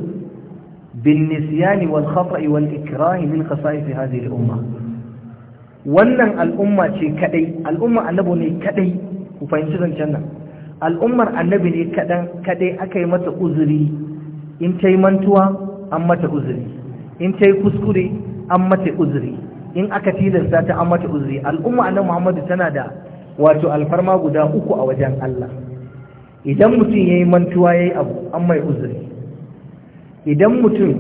bin nisiyani wal khafa'i wal ikirahi min kasa'ifi hadhihi al'umma wannan al'umma ce kadai al'umma annabo ne kadai ku fahimci zancen nan al'ummar annabi ne kadai aka yi mata uzuri in ta yi mantuwa an mata uzuri in ta yi kuskure an mata uzuri in aka tilasta ta an mata uzuri al'umma na Muhammadu tana da wato alfarma guda uku a wajen Allah idan mutum yi mantuwa yi abu an mai uzuri idan mutum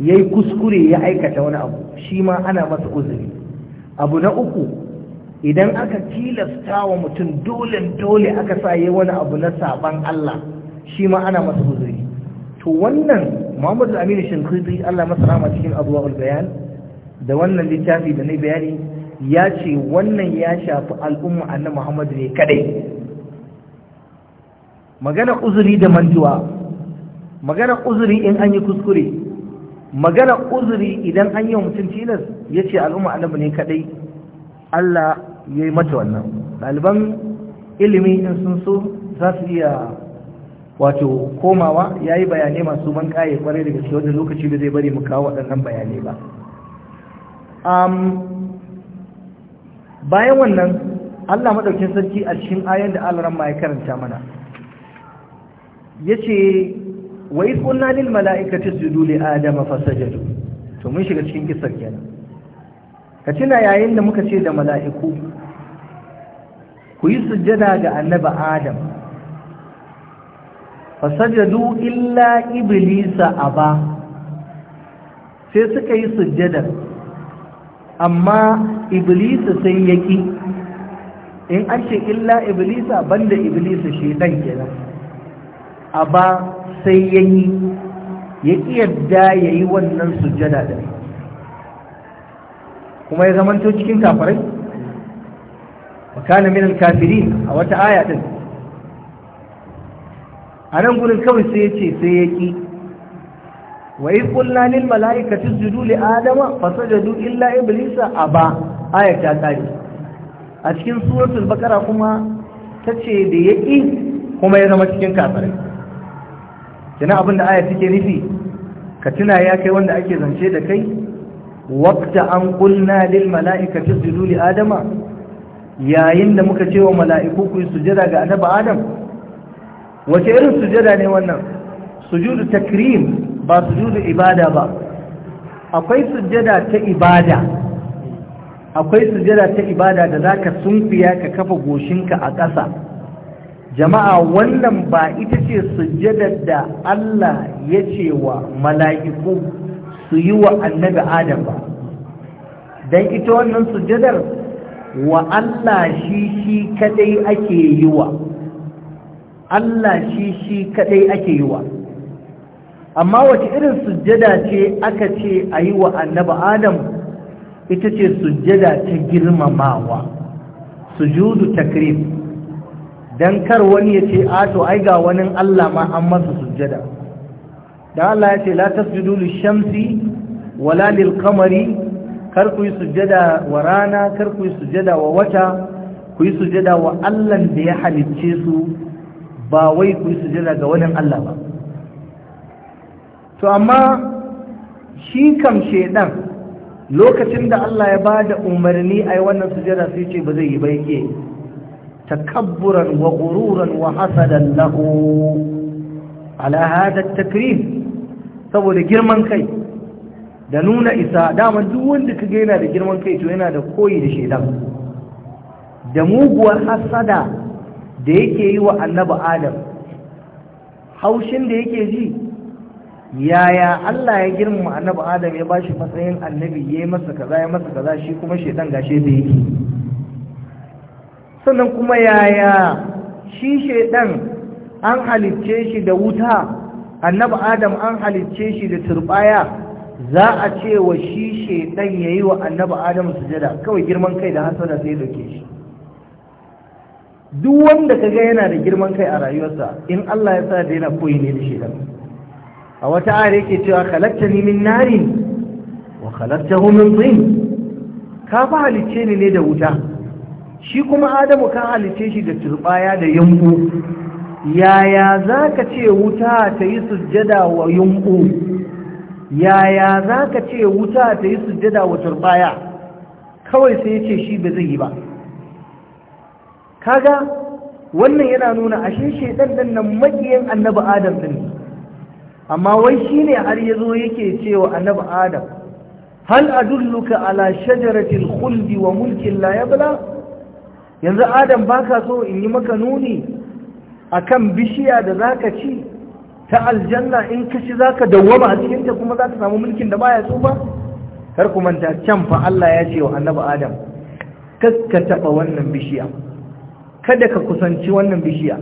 yayi kuskure ya aikata wani abu shi ma ana masa uzuri abu na uku idan aka tilasta wa mutum dole dole aka sa yayi wani abu na saban Allah shi ma ana masa uzuri to wannan Muhammadu Aminu Shinkiri Allah masa rahama cikin Abwaul Bayan da wannan littafi da na bayani ya ce wannan ya shafi al'umma annabi Muhammad ne kadai magana uzuri da mantuwa magana uzuri in an yi kuskure magana uzuri idan an yi mutum tilas ya ce al'umma annabi ne kadai Allah ya yi mata wannan ɗaliban ilimi in sun so za su iya wato komawa ya yi bayanai masu ban kaye kwarai daga shi da lokaci da zai bari mu kawo waɗannan bayanai ba bayan wannan Allah maɗaukin sarki a cikin ayan da Allah ma ya karanta mana yace wa iz qulna lil mala'ikati isjudu li adama fasajadu to mun shiga cikin kisar kenan ka tuna yayin da muka ce da mala'iku ku yi sujjada ga annaba adam fasajadu illa iblisa aba sai suka yi sujjadar amma iblisa sai ya ƙi, in an ce illa iblisa banda iblisa shedan kenan aba sai ya yi ya yadda yi wannan sujada da kuma ya zamanto cikin kafirai wa kana min al-kafirin a wata aya din a nan gurin kawai sai ya ce sai ya ƙi wa iz qulna lil malaikati isjudu li adama fasajadu illa iblisa aba aya ta kare a cikin suratul bakara kuma tace da yaki kuma ya zama cikin kafirai kina abinda aya take nufi ka tuna ya kai wanda ake zance da kai waqta an qulna lil malaikati isjudu li adama yayin da muka ce wa mala'iku ku yi sujada ga annabi adam wace irin sujada ne wannan sujudu takrim ba su sujudu ibada ba akwai sujjada ta ibada akwai sujjada ta ibada da za ka sunfiya ka kafa goshinka a ƙasa jama'a wannan ba ita ce sujjada da Allah ya ce wa mala'iku su yi wa annabi Adam ba Don ita wannan sujjadar wa Allah shi shi kadai ake yi wa Allah shi shi kadai ake yi wa amma wace irin sujjada ce aka ce a yi wa annaba adam ita ce sujjada ta girmamawa sujudu takrim dan kar wani ya ce a to ai ga wani Allah ma an masa sujjada dan Allah ya ce la tasjudu lil shamsi wala lil qamari kar ku yi sujjada wa rana kar ku yi sujjada wa wata ku yi sujjada wa Allah da ya halicce su ba wai ku yi sujjada ga wani Allah ba to amma shi kam shedan lokacin da Allah ya bada umarni ai wannan sujada sai ce ba zai yi ba yake takabburan wa gururan wa hasadan lahu ala hada takrim saboda girman kai da nuna isa dama duk wanda ka yana da girman kai to yana da koyi da shedan da muguwar hasada da yake yi wa annabi adam haushin da yake ji yaya Allah ya girmama annabi Adam ya bashi matsayin annabi ya yi masa kaza ya masa kaza shi kuma shedan gashe da yake sannan kuma yaya shi shedan an halicce shi da wuta annabi Adam an halicce shi da turbaya za a ce wa shi shedan yayi wa annabi Adam sujada kawai girman kai da hasada sai dauke shi duk wanda kaga yana da girman kai a rayuwarsa in Allah ya sa da yana koyi ne da shedan a wata ayyar yake cewa khalaqta ni min narin wa khalaqtahu min tin ka fa halice ni ne da wuta shi kuma adamu ka halice shi da turbaya da yumbu yaya zaka ce wuta ta yi sujjada wa yumbu yaya zaka ce wuta ta yi sujjada wa turbaya kawai sai ya ce shi ba zai yi ba kaga wannan yana nuna ashe shedan nan makiyin annabi adam din amma wai ne har ya zo yake cewa annabi adam hal adulluka ala shajaratil khuldi wa mulkin la yabla yanzu adam baka so in yi maka nuni akan bishiya da zaka ci ta aljanna in ka ci zaka dawwama a cikin ta kuma zaka samu mulkin da baya tsufa kar ku manta can fa Allah ya ce wa annabi adam kakka wannan bishiya kada ka kusanci wannan bishiya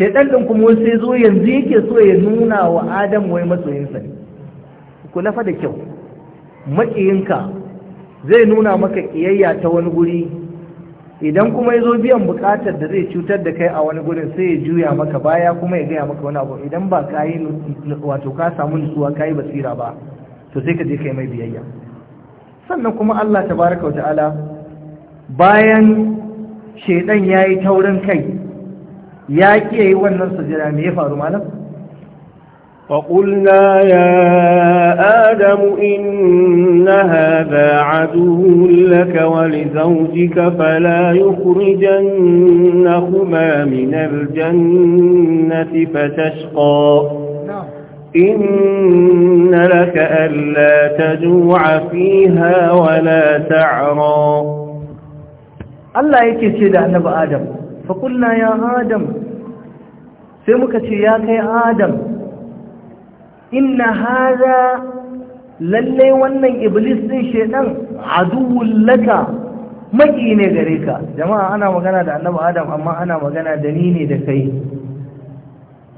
shaidan din kuma sai zo yanzu yake so ya nuna wa adam wai matsayinsa ne Ku lafa da kyau maƙiyinka zai nuna maka kiyayya ta wani guri idan kuma ya zo biyan bukatar da zai cutar da kai a wani gurin sai ya juya maka baya kuma ya gaya maka wani abu idan ba ka yi wato ka samu nutsuwa ka yi basira ba to sai ka je kai mai biyayya sannan kuma Allah tabaraka wa ta'ala bayan ya yayi taurin kai ya kiyaye wannan sujada me ya faru malam فقلنا يا آدم إن هذا عدو لك ولزوجك فلا يخرجنهما من الجنة فتشقى نعم. إن لك ألا تجوع فيها ولا تعرى الله يكي سيدة النبي آدم فقلنا يا آدم sai muka ce ya kai adam inna hada lalle wannan iblis din shedan aduwwul laka maki ne gare ka jama'a ana magana da annabi adam amma ana magana da ni ne da kai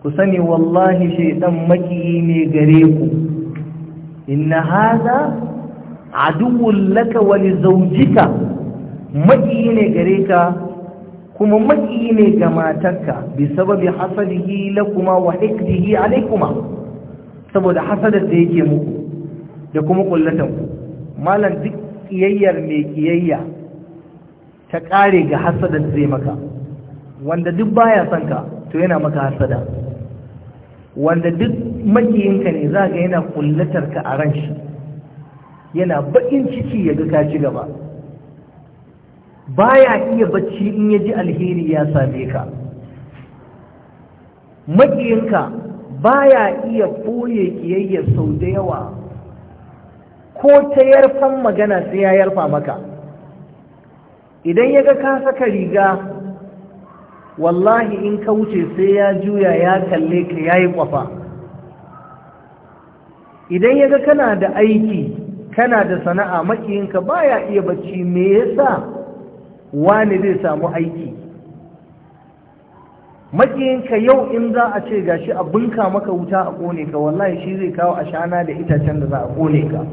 ku sani wallahi shedan maki ne gare ku inna hada aduwwul laka wa li zawjika maki ne gare ka kuma maki ne ga matarka bi sababi hasadihi lakuma wa hikdihi alaikuma saboda hasadar da yake muku da kuma kullatan ku malam duk kiyayyar mai kiyayya ta kare ga hasadar zai maka wanda duk baya son ka to yana maka hasada wanda duk makiyinka ne za ga yana kullatar ka a ran shi yana bakin ciki ya ga ka ci gaba baya iya bacci in ya ji alheri ya same ka makiyinka baya iya ɓoye ƙiyayya sau da yawa ko ta yarfan magana sai ya yarfa maka idan ya ga ka saka riga wallahi in ka wuce sai ya juya ya kalle ka ya yi kwafa idan ya ga kana da aiki kana da sana'a makiyinka baya iya bacci me yasa wani zai samu aiki makiyinka yau in za a ce gashi a bunka maka wuta a kone ka wallahi shi zai kawo a shana da itacen da za a kone ka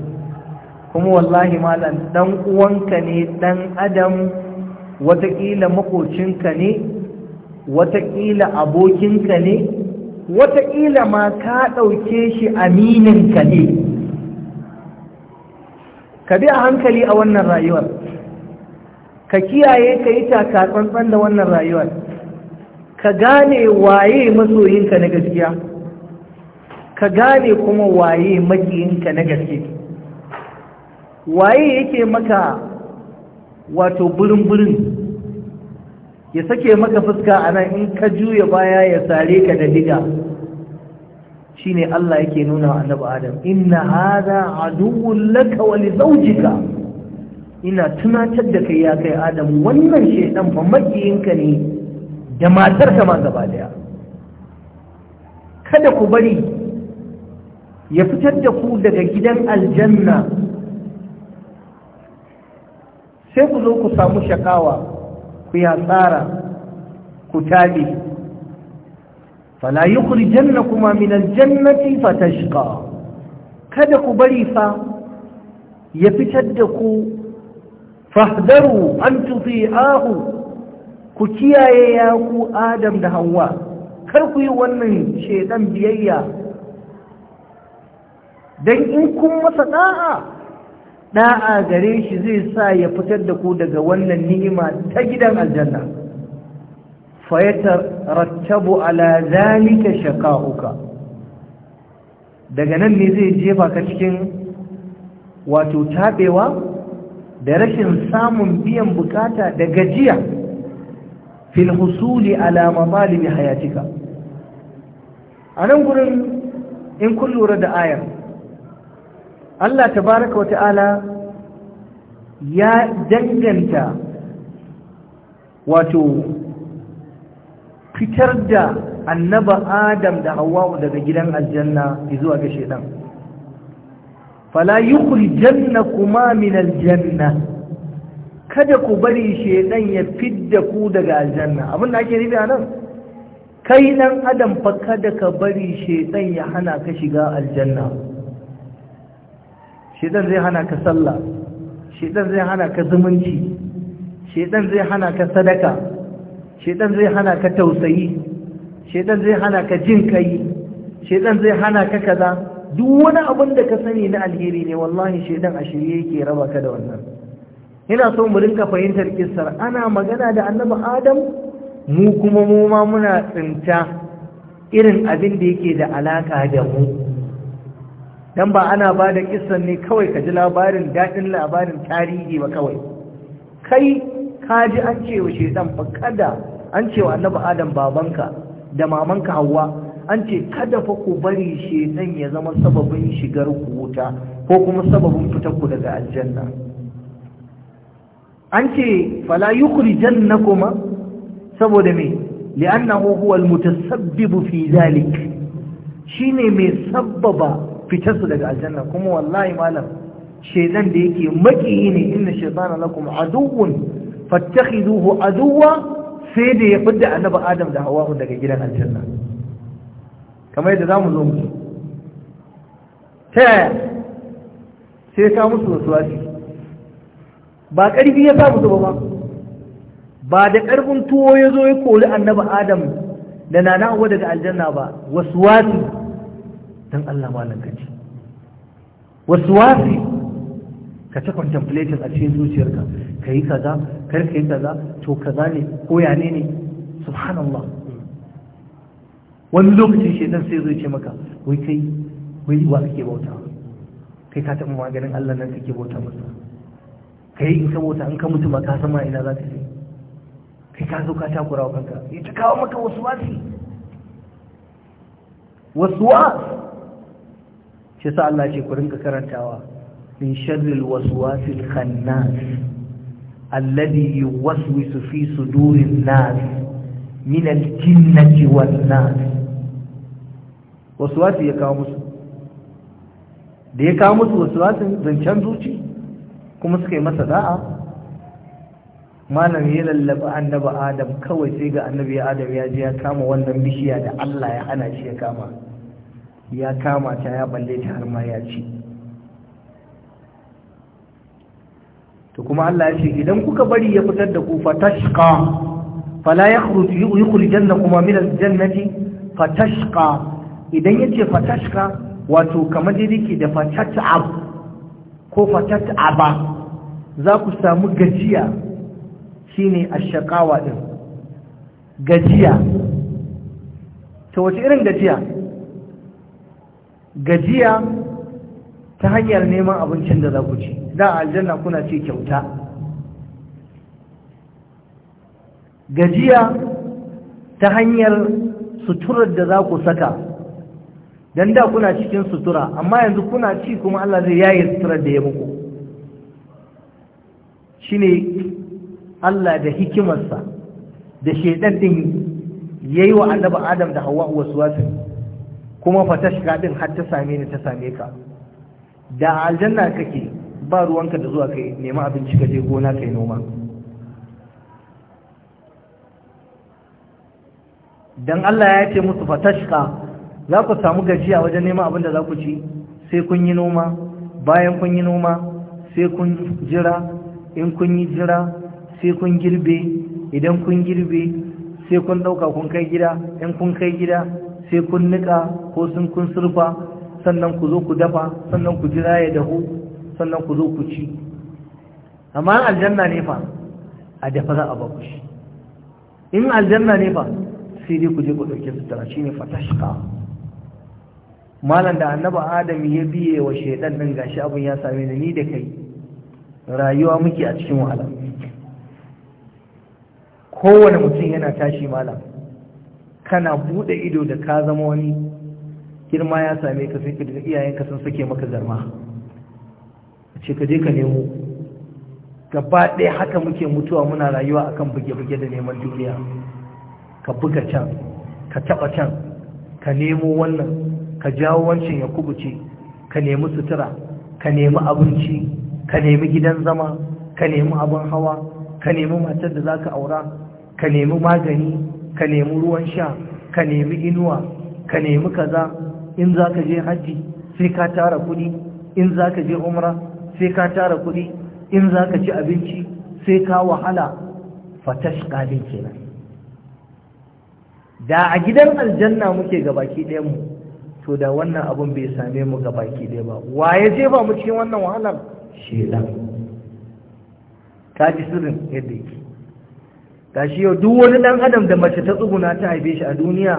kuma wallahi malam dan uwanka ne dan adam watakila makocinka ne watakila abokinka ne watakila ma ka ɗauke shi amininka ne ka bi a hankali a wannan rayuwar ka kiyaye ka yi takatsantsan da wannan rayuwar ka gane waye masoyinka na gaskiya ka gane kuma waye makiyinka na gaske waye yake maka wato burin-burin ya sake maka fuska a nan in ka juya baya ya sare ka da diga ne Allah yake nuna wa annabi Adam inna hada aduwwun laka wa li ina tunatar da kai ya kai adam wannan shaidan fa ne da matarka ma gaba daya kada ku bari ya fitar da ku daga gidan aljanna sai ku zo ku samu shakawa ku ya tsara ku tabi fala yukhrijannakuma min ta fatashqa kada ku bari fa ya fitar da ku fahdaru an tufi tuti'ahu ku kiyaye ya ku adam da hawa kar ku yi wannan shedan biyayya dan in kun masa da'a da'a gare shi zai sa ya fitar da ku daga wannan ni'ima ta gidan aljanna fa rattabu ala zalika shaqa'uka daga nan ne zai jefa ka cikin wato tabewa da rashin samun biyan bukata da gajiya fil husuli ala matalibi hayatika a nan gurin in kun lura da ayar Allah tabaraka wa ta'ala ya danganta wato fitar da annaba adam da hawa daga gidan aljanna zuwa ga shaidan fala yukhrijannakuma min aljanna kada ku bari shedan ya fidda ku daga aljanna abin da ake nufi anan kai nan adam fa kada ka bari shedan ya hana ka shiga aljanna shedan zai hana ka sallah shedan zai hana ka zumunci shedan zai hana ka sadaka shedan zai hana ka tausayi shedan zai hana ka jin kai shedan zai hana ka kaza duk wani abin da ka sani na alheri ne wallahi shaidan a shirye yake raba ka da wannan ina so mu rinka fahimtar kissar ana magana da annabi adam mu kuma mu ma muna tsinta irin abin da yake da alaka da mu dan ba ana ba da kissan ne kawai ka ji labarin daɗin labarin tarihi ba kawai kai ka ji an ce wa shaidan fa kada an ce wa annabi adam babanka da mamanka hawa an ce kada fa ku bari shaidan ya zama sababin shigar ku wuta ko kuma sababin fitar ku daga aljanna an ce fala kuma? saboda me li'annahu huwa almutasabbib fi zalik shine mai sabbaba fitar su daga aljanna kuma wallahi malam shedan da yake maki ne inna shaytana lakum aduwwun fattakhiduhu aduwwa sai da ya fidda annabi adam da hawa'u daga gidan aljanna kamar yadda za mu zo musu ta yaya sai ka musu wasu wasi ba ƙarfi ya samu zuba ba ba da karfin tuwo ya zo ya koli annaba adam da nana uwa daga aljanna ba wasu wasi don allah malam kaci wasu wasi ka ta contemplating a cikin zuciyarka ka yi kaza kar ka yi kaza to kaza ne ko yane ne subhanallah wani lokacin shi dan sai zai ce maka wai kai wai wa kake bauta kai ka taɓa maganin Allah nan kake bauta masa kai in ka bauta in ka mutu ba ka san ma ina za ka je kai ka zo ka takura wa kanka ya ta kawo maka wasu wasi wasu wasi shi sa Allah ce ku rinka karantawa min sharril waswasi khannas alladhi yuwaswisu fi sudurin nas min al-jinnati wan nas wasuwasi ya kawo musu da ya kawo musu wasuwasin zancen zuci kuma suka yi masa da'a malam ya lallaba annaba adam kawai sai ga annabi adam ya je ya kama wannan bishiya da Allah ya hana shi ya kama ya kama ta ya balle ta har ma ya ci to kuma Allah ya ce idan kuka bari ya fitar da ku fatashqa fala yakhruj yukhrijannakum min jannati fatashqa idan ya ce fatashka wato kamar da yake da fatat'ab ko fatat'aba za ku samu gajiya shine ashqawa din gajiya to wace irin gajiya gajiya ta hanyar neman abincin da za ku ci da aljanna kuna ce kyauta gajiya ta hanyar suturar da za ku saka dan da kuna cikin sutura amma yanzu kuna ci kuma Allah zai yaye suturar da ya muku shine Allah da hikimarsa da shedan din yayi wa annabi Adam da Hawwa wasu kuma shiga din har ta same ni ta same ka da aljanna kake ba ruwanka da zuwa kai nemi abinci ka je gona kai noma dan Allah ya ce musu fatashka za ku samu gajiya wajen neman abin da za ku ci sai kun yi noma bayan kun yi noma sai kun jira in kun yi jira sai kun girbe idan kun girbe sai kun ɗauka kun kai gida in kun kai gida sai kun niƙa ko sun kun surfa sannan ku zo ku dafa sannan ku jira ya dahu sannan ku zo ku ci amma aljanna ne fa a dafa za a ba ku shi in aljanna ne fa sai dai ku je ku ɗauke su tara shi ne fatashka malam da annaba adam ya biye wa shaidan din gashi abin ya same ni da kai rayuwa muke a cikin wahala kowane mutum yana tashi malam kana bude ido da ka zama wani girma ya same ka sai ka iyayenka sun suke maka zarma ce ka je ka nemo gaba ɗaya haka muke mutuwa muna rayuwa akan buge-buge da neman duniya ka buga can ka taɓa can ka nemo wannan ka jawo wancan ya kubuce ka nemi sutura ka nemi abinci ka nemi gidan zama ka nemi abin hawa ka nemi matar da za ka aura ka nemi magani ka nemi ruwan sha ka nemi inuwa ka nemi kaza in za ka je hajji sai ka tara kuɗi in za ka je umra sai ka tara kuɗi in za ka ci abinci sai ka wahala fatash ƙalin kenan da a gidan aljanna muke gabaki mu. to da wannan abun bai same mu ga baki ɗaya ba waye je ba mu cikin wannan wahalar shedan ta ji sirrin yadda yake shi yau duk wani dan adam da mace ta tsuguna ta haife shi a duniya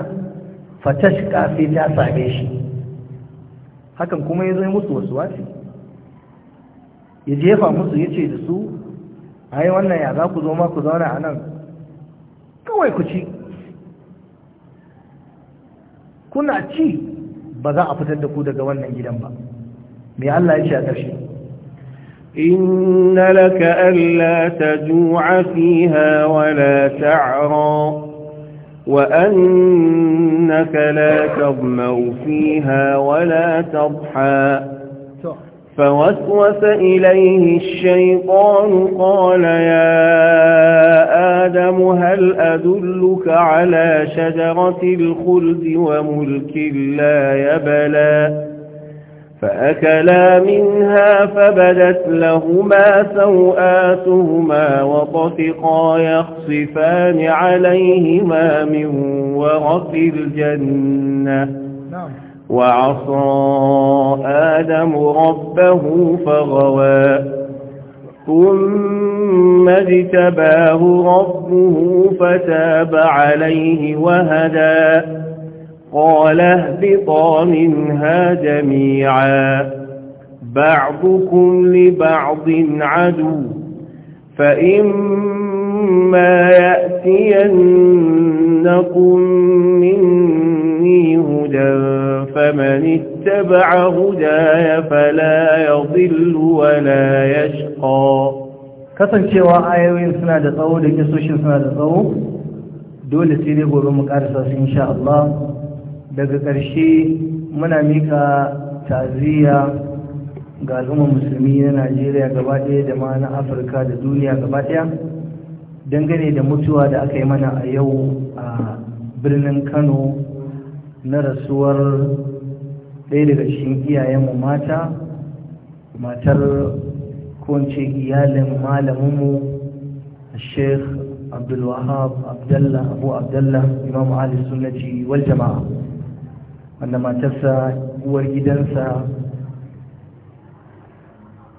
fatashka sai ta same shi hakan kuma ya zo musu wasu wasi ya jefa musu ya ce da su ai wannan ya za ku zo ma ku zauna a nan kawai ku ci kuna ci ba za a fitar da ku daga wannan gidan ba me Allah ya ce a ƙarshe إن fiha wa la ta'ra wa annaka la لا fiha wa la تضحى فوسوس إليه الشيطان قال يا آدم هل أدلك على شجرة الخلد وملك لا يبلى فأكلا منها فبدت لهما سوآتهما وطفقا يخصفان عليهما من ورق الجنة وعصى آدم ربه فغوى ثم اجتباه ربه فتاب عليه وهدى قال اهبطا منها جميعا بعضكم لبعض عدو فإما يأتينكم من يهدي هدى فمن اتبع هداي فلا يضل ولا يشقى kasancewa ayoyin suna da tsawo da kisoshin suna da tsawo dole sai dai gobe mu karasa su insha daga ƙarshe muna mika ta'aziyya ga al'ummar musulmi na Najeriya gaba ɗaya da ma na Afirka da duniya gaba ɗaya dangane da mutuwa da aka yi mana a yau a birnin Kano na rasuwar ɗaya daga cikin iyayenmu mata matar kowace iyalin malaminmu sheikh abdulwahab abdallah abu abdallah imam ali sunnaci wal jama'a wanda matarsa uwar gidansa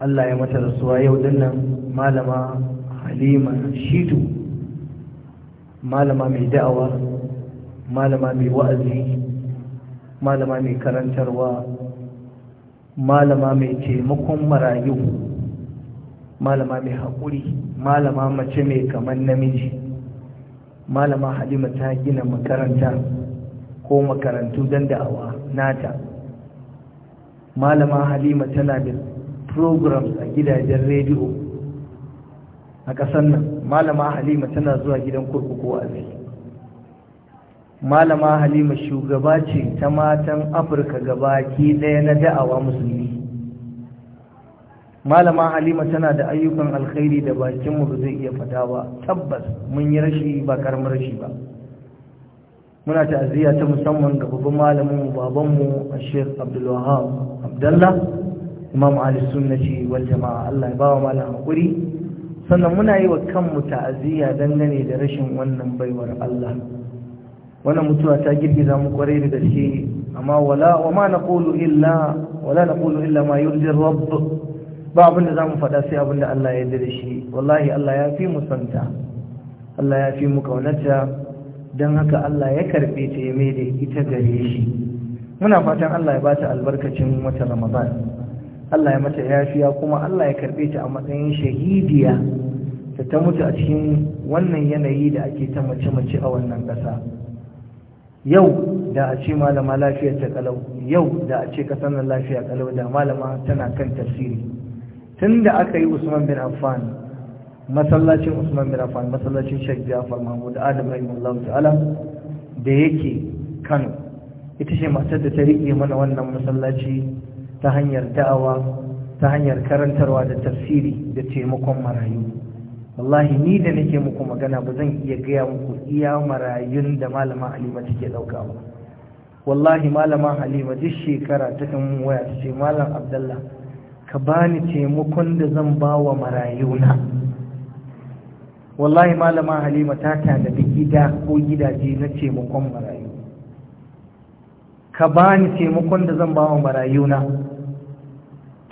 allah ya mata rasuwa yau dinnan malama halima shidu malama mai da'awa. malama mai wa'azi malama mai karantarwa malama mai taimakon marayu malama mai haƙuri malama mace mai kamar namiji malama halima ta gina makaranta ko makarantu don da'awa nata malama halima tana da programs a gidajen rediyo a ƙasar nan malama halima tana zuwa gidan kurkuku a zai malama halima shugaba ce ta matan afirka gaba ki ɗaya na da'awa musulmi malama halima tana da ayyukan alkhairi da bakinmu ba zai iya fata ba tabbas mun yi rashi ba karamar rashi ba muna ta'aziyya ta musamman ga babban malamin babanmu Sheikh Abdul Wahab Abdullah Imam Ali Sunnati wal Jama'a Allah ya bawa malam hakuri sannan muna yi wa kanmu ta'aziyya dangane da rashin wannan baiwar Allah wannan mutuwa ta girgiza mu kwarai da gaske amma wala wa ma naqulu illa wala naqulu illa ma yurdi rabb ba abin da zamu faɗa sai abin da Allah ya yarda da shi wallahi Allah ya fi mu santa Allah ya fi mu kaunata dan haka Allah ya karbe ta ya da ita gare shi muna fatan Allah ya bata albarkacin wata Ramadan Allah ya mata yafiya kuma Allah ya karbe ta a matsayin shahidiya ta ta mutu a cikin wannan yanayi da ake ta mace-mace a wannan ƙasa. yau da a ce malama lafiyar ta kalau yau da a ce kasar lafiyar lafiya kalau da malama tana kan tafsiri tun da aka yi usman bin affan masallacin usman bin affan masallacin shek jafar mahmud adam rahimallahu ta'ala da yake kano ita ce matar da ta riƙe mana wannan masallaci ta hanyar da'awa ta hanyar karantarwa da tafsiri da taimakon marayu wallahi ni da nake muku magana ba zan iya gaya muku iya marayun da malama halima take ɗauka ba wallahi malama halima duk shekara ta kan waya ta ce malam abdallah ka bani taimakon da zan ba wa marayuna wallahi malama halima ta da gida ko gidaje na taimakon marayu ka bani taimakon da zan ba wa marayuna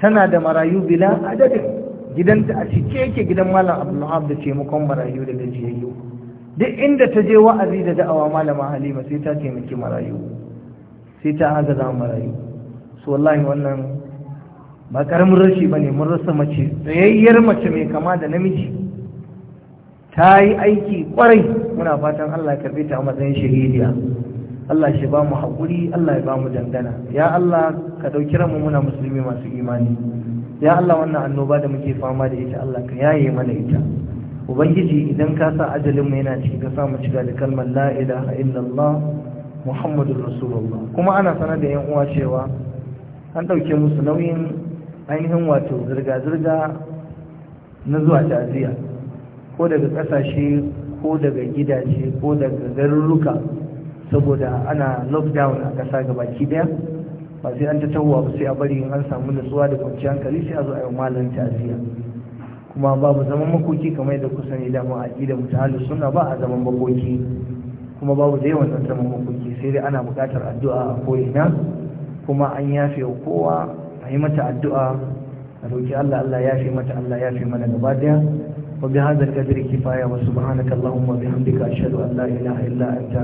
tana da marayu bila adadin gidanta a cike yake gidan malam abu da taimakon marayu da gajiyayyu duk inda ta je wa'azi da da'awa malama halima sai ta taimaki marayu sai ta agaza marayu so wallahi wannan ba karamin rashi ba ne mun rasa mace tsayayyar mace mai kama da namiji ta yi aiki kwarai muna fatan allah ya karbe ta a matsayin shahidiya Allah shi ba mu haƙuri Allah ya ba mu dangana ya Allah ka ɗauki mu muna musulmi masu imani ya Allah wannan annoba da muke fama da ita Allah ka yaye mana ita ubangiji idan ka sa ajalin mu yana ciki ka sa mu shiga da kalmar la ilaha illallah muhammadur rasulullah kuma ana sanar da yan uwa cewa an dauke musu nauyin ainihin wato zirga zirga na zuwa ta'aziyya ko daga kasashe ko daga gidaje ko daga garuruka saboda ana lockdown a kasa gabaki daya ba sai an ta tahowa ba sai a bari in an samu nutsuwa da kwanciyar hankali sai a zo a yi malam ta'aziyya kuma babu zaman makoki kamar yadda ku sani da mu a ta mutahalu suna ba a zaman makoki kuma babu da yawan nan zaman makoki sai dai ana buƙatar addu'a a na, kuma an yafe wa kowa a yi mata addu'a a roƙi Allah Allah yafe mata Allah yafe mana gaba daya وبهذا kifaya wa subhanaka allahumma bihamdika ashhadu an la ilaha illa anta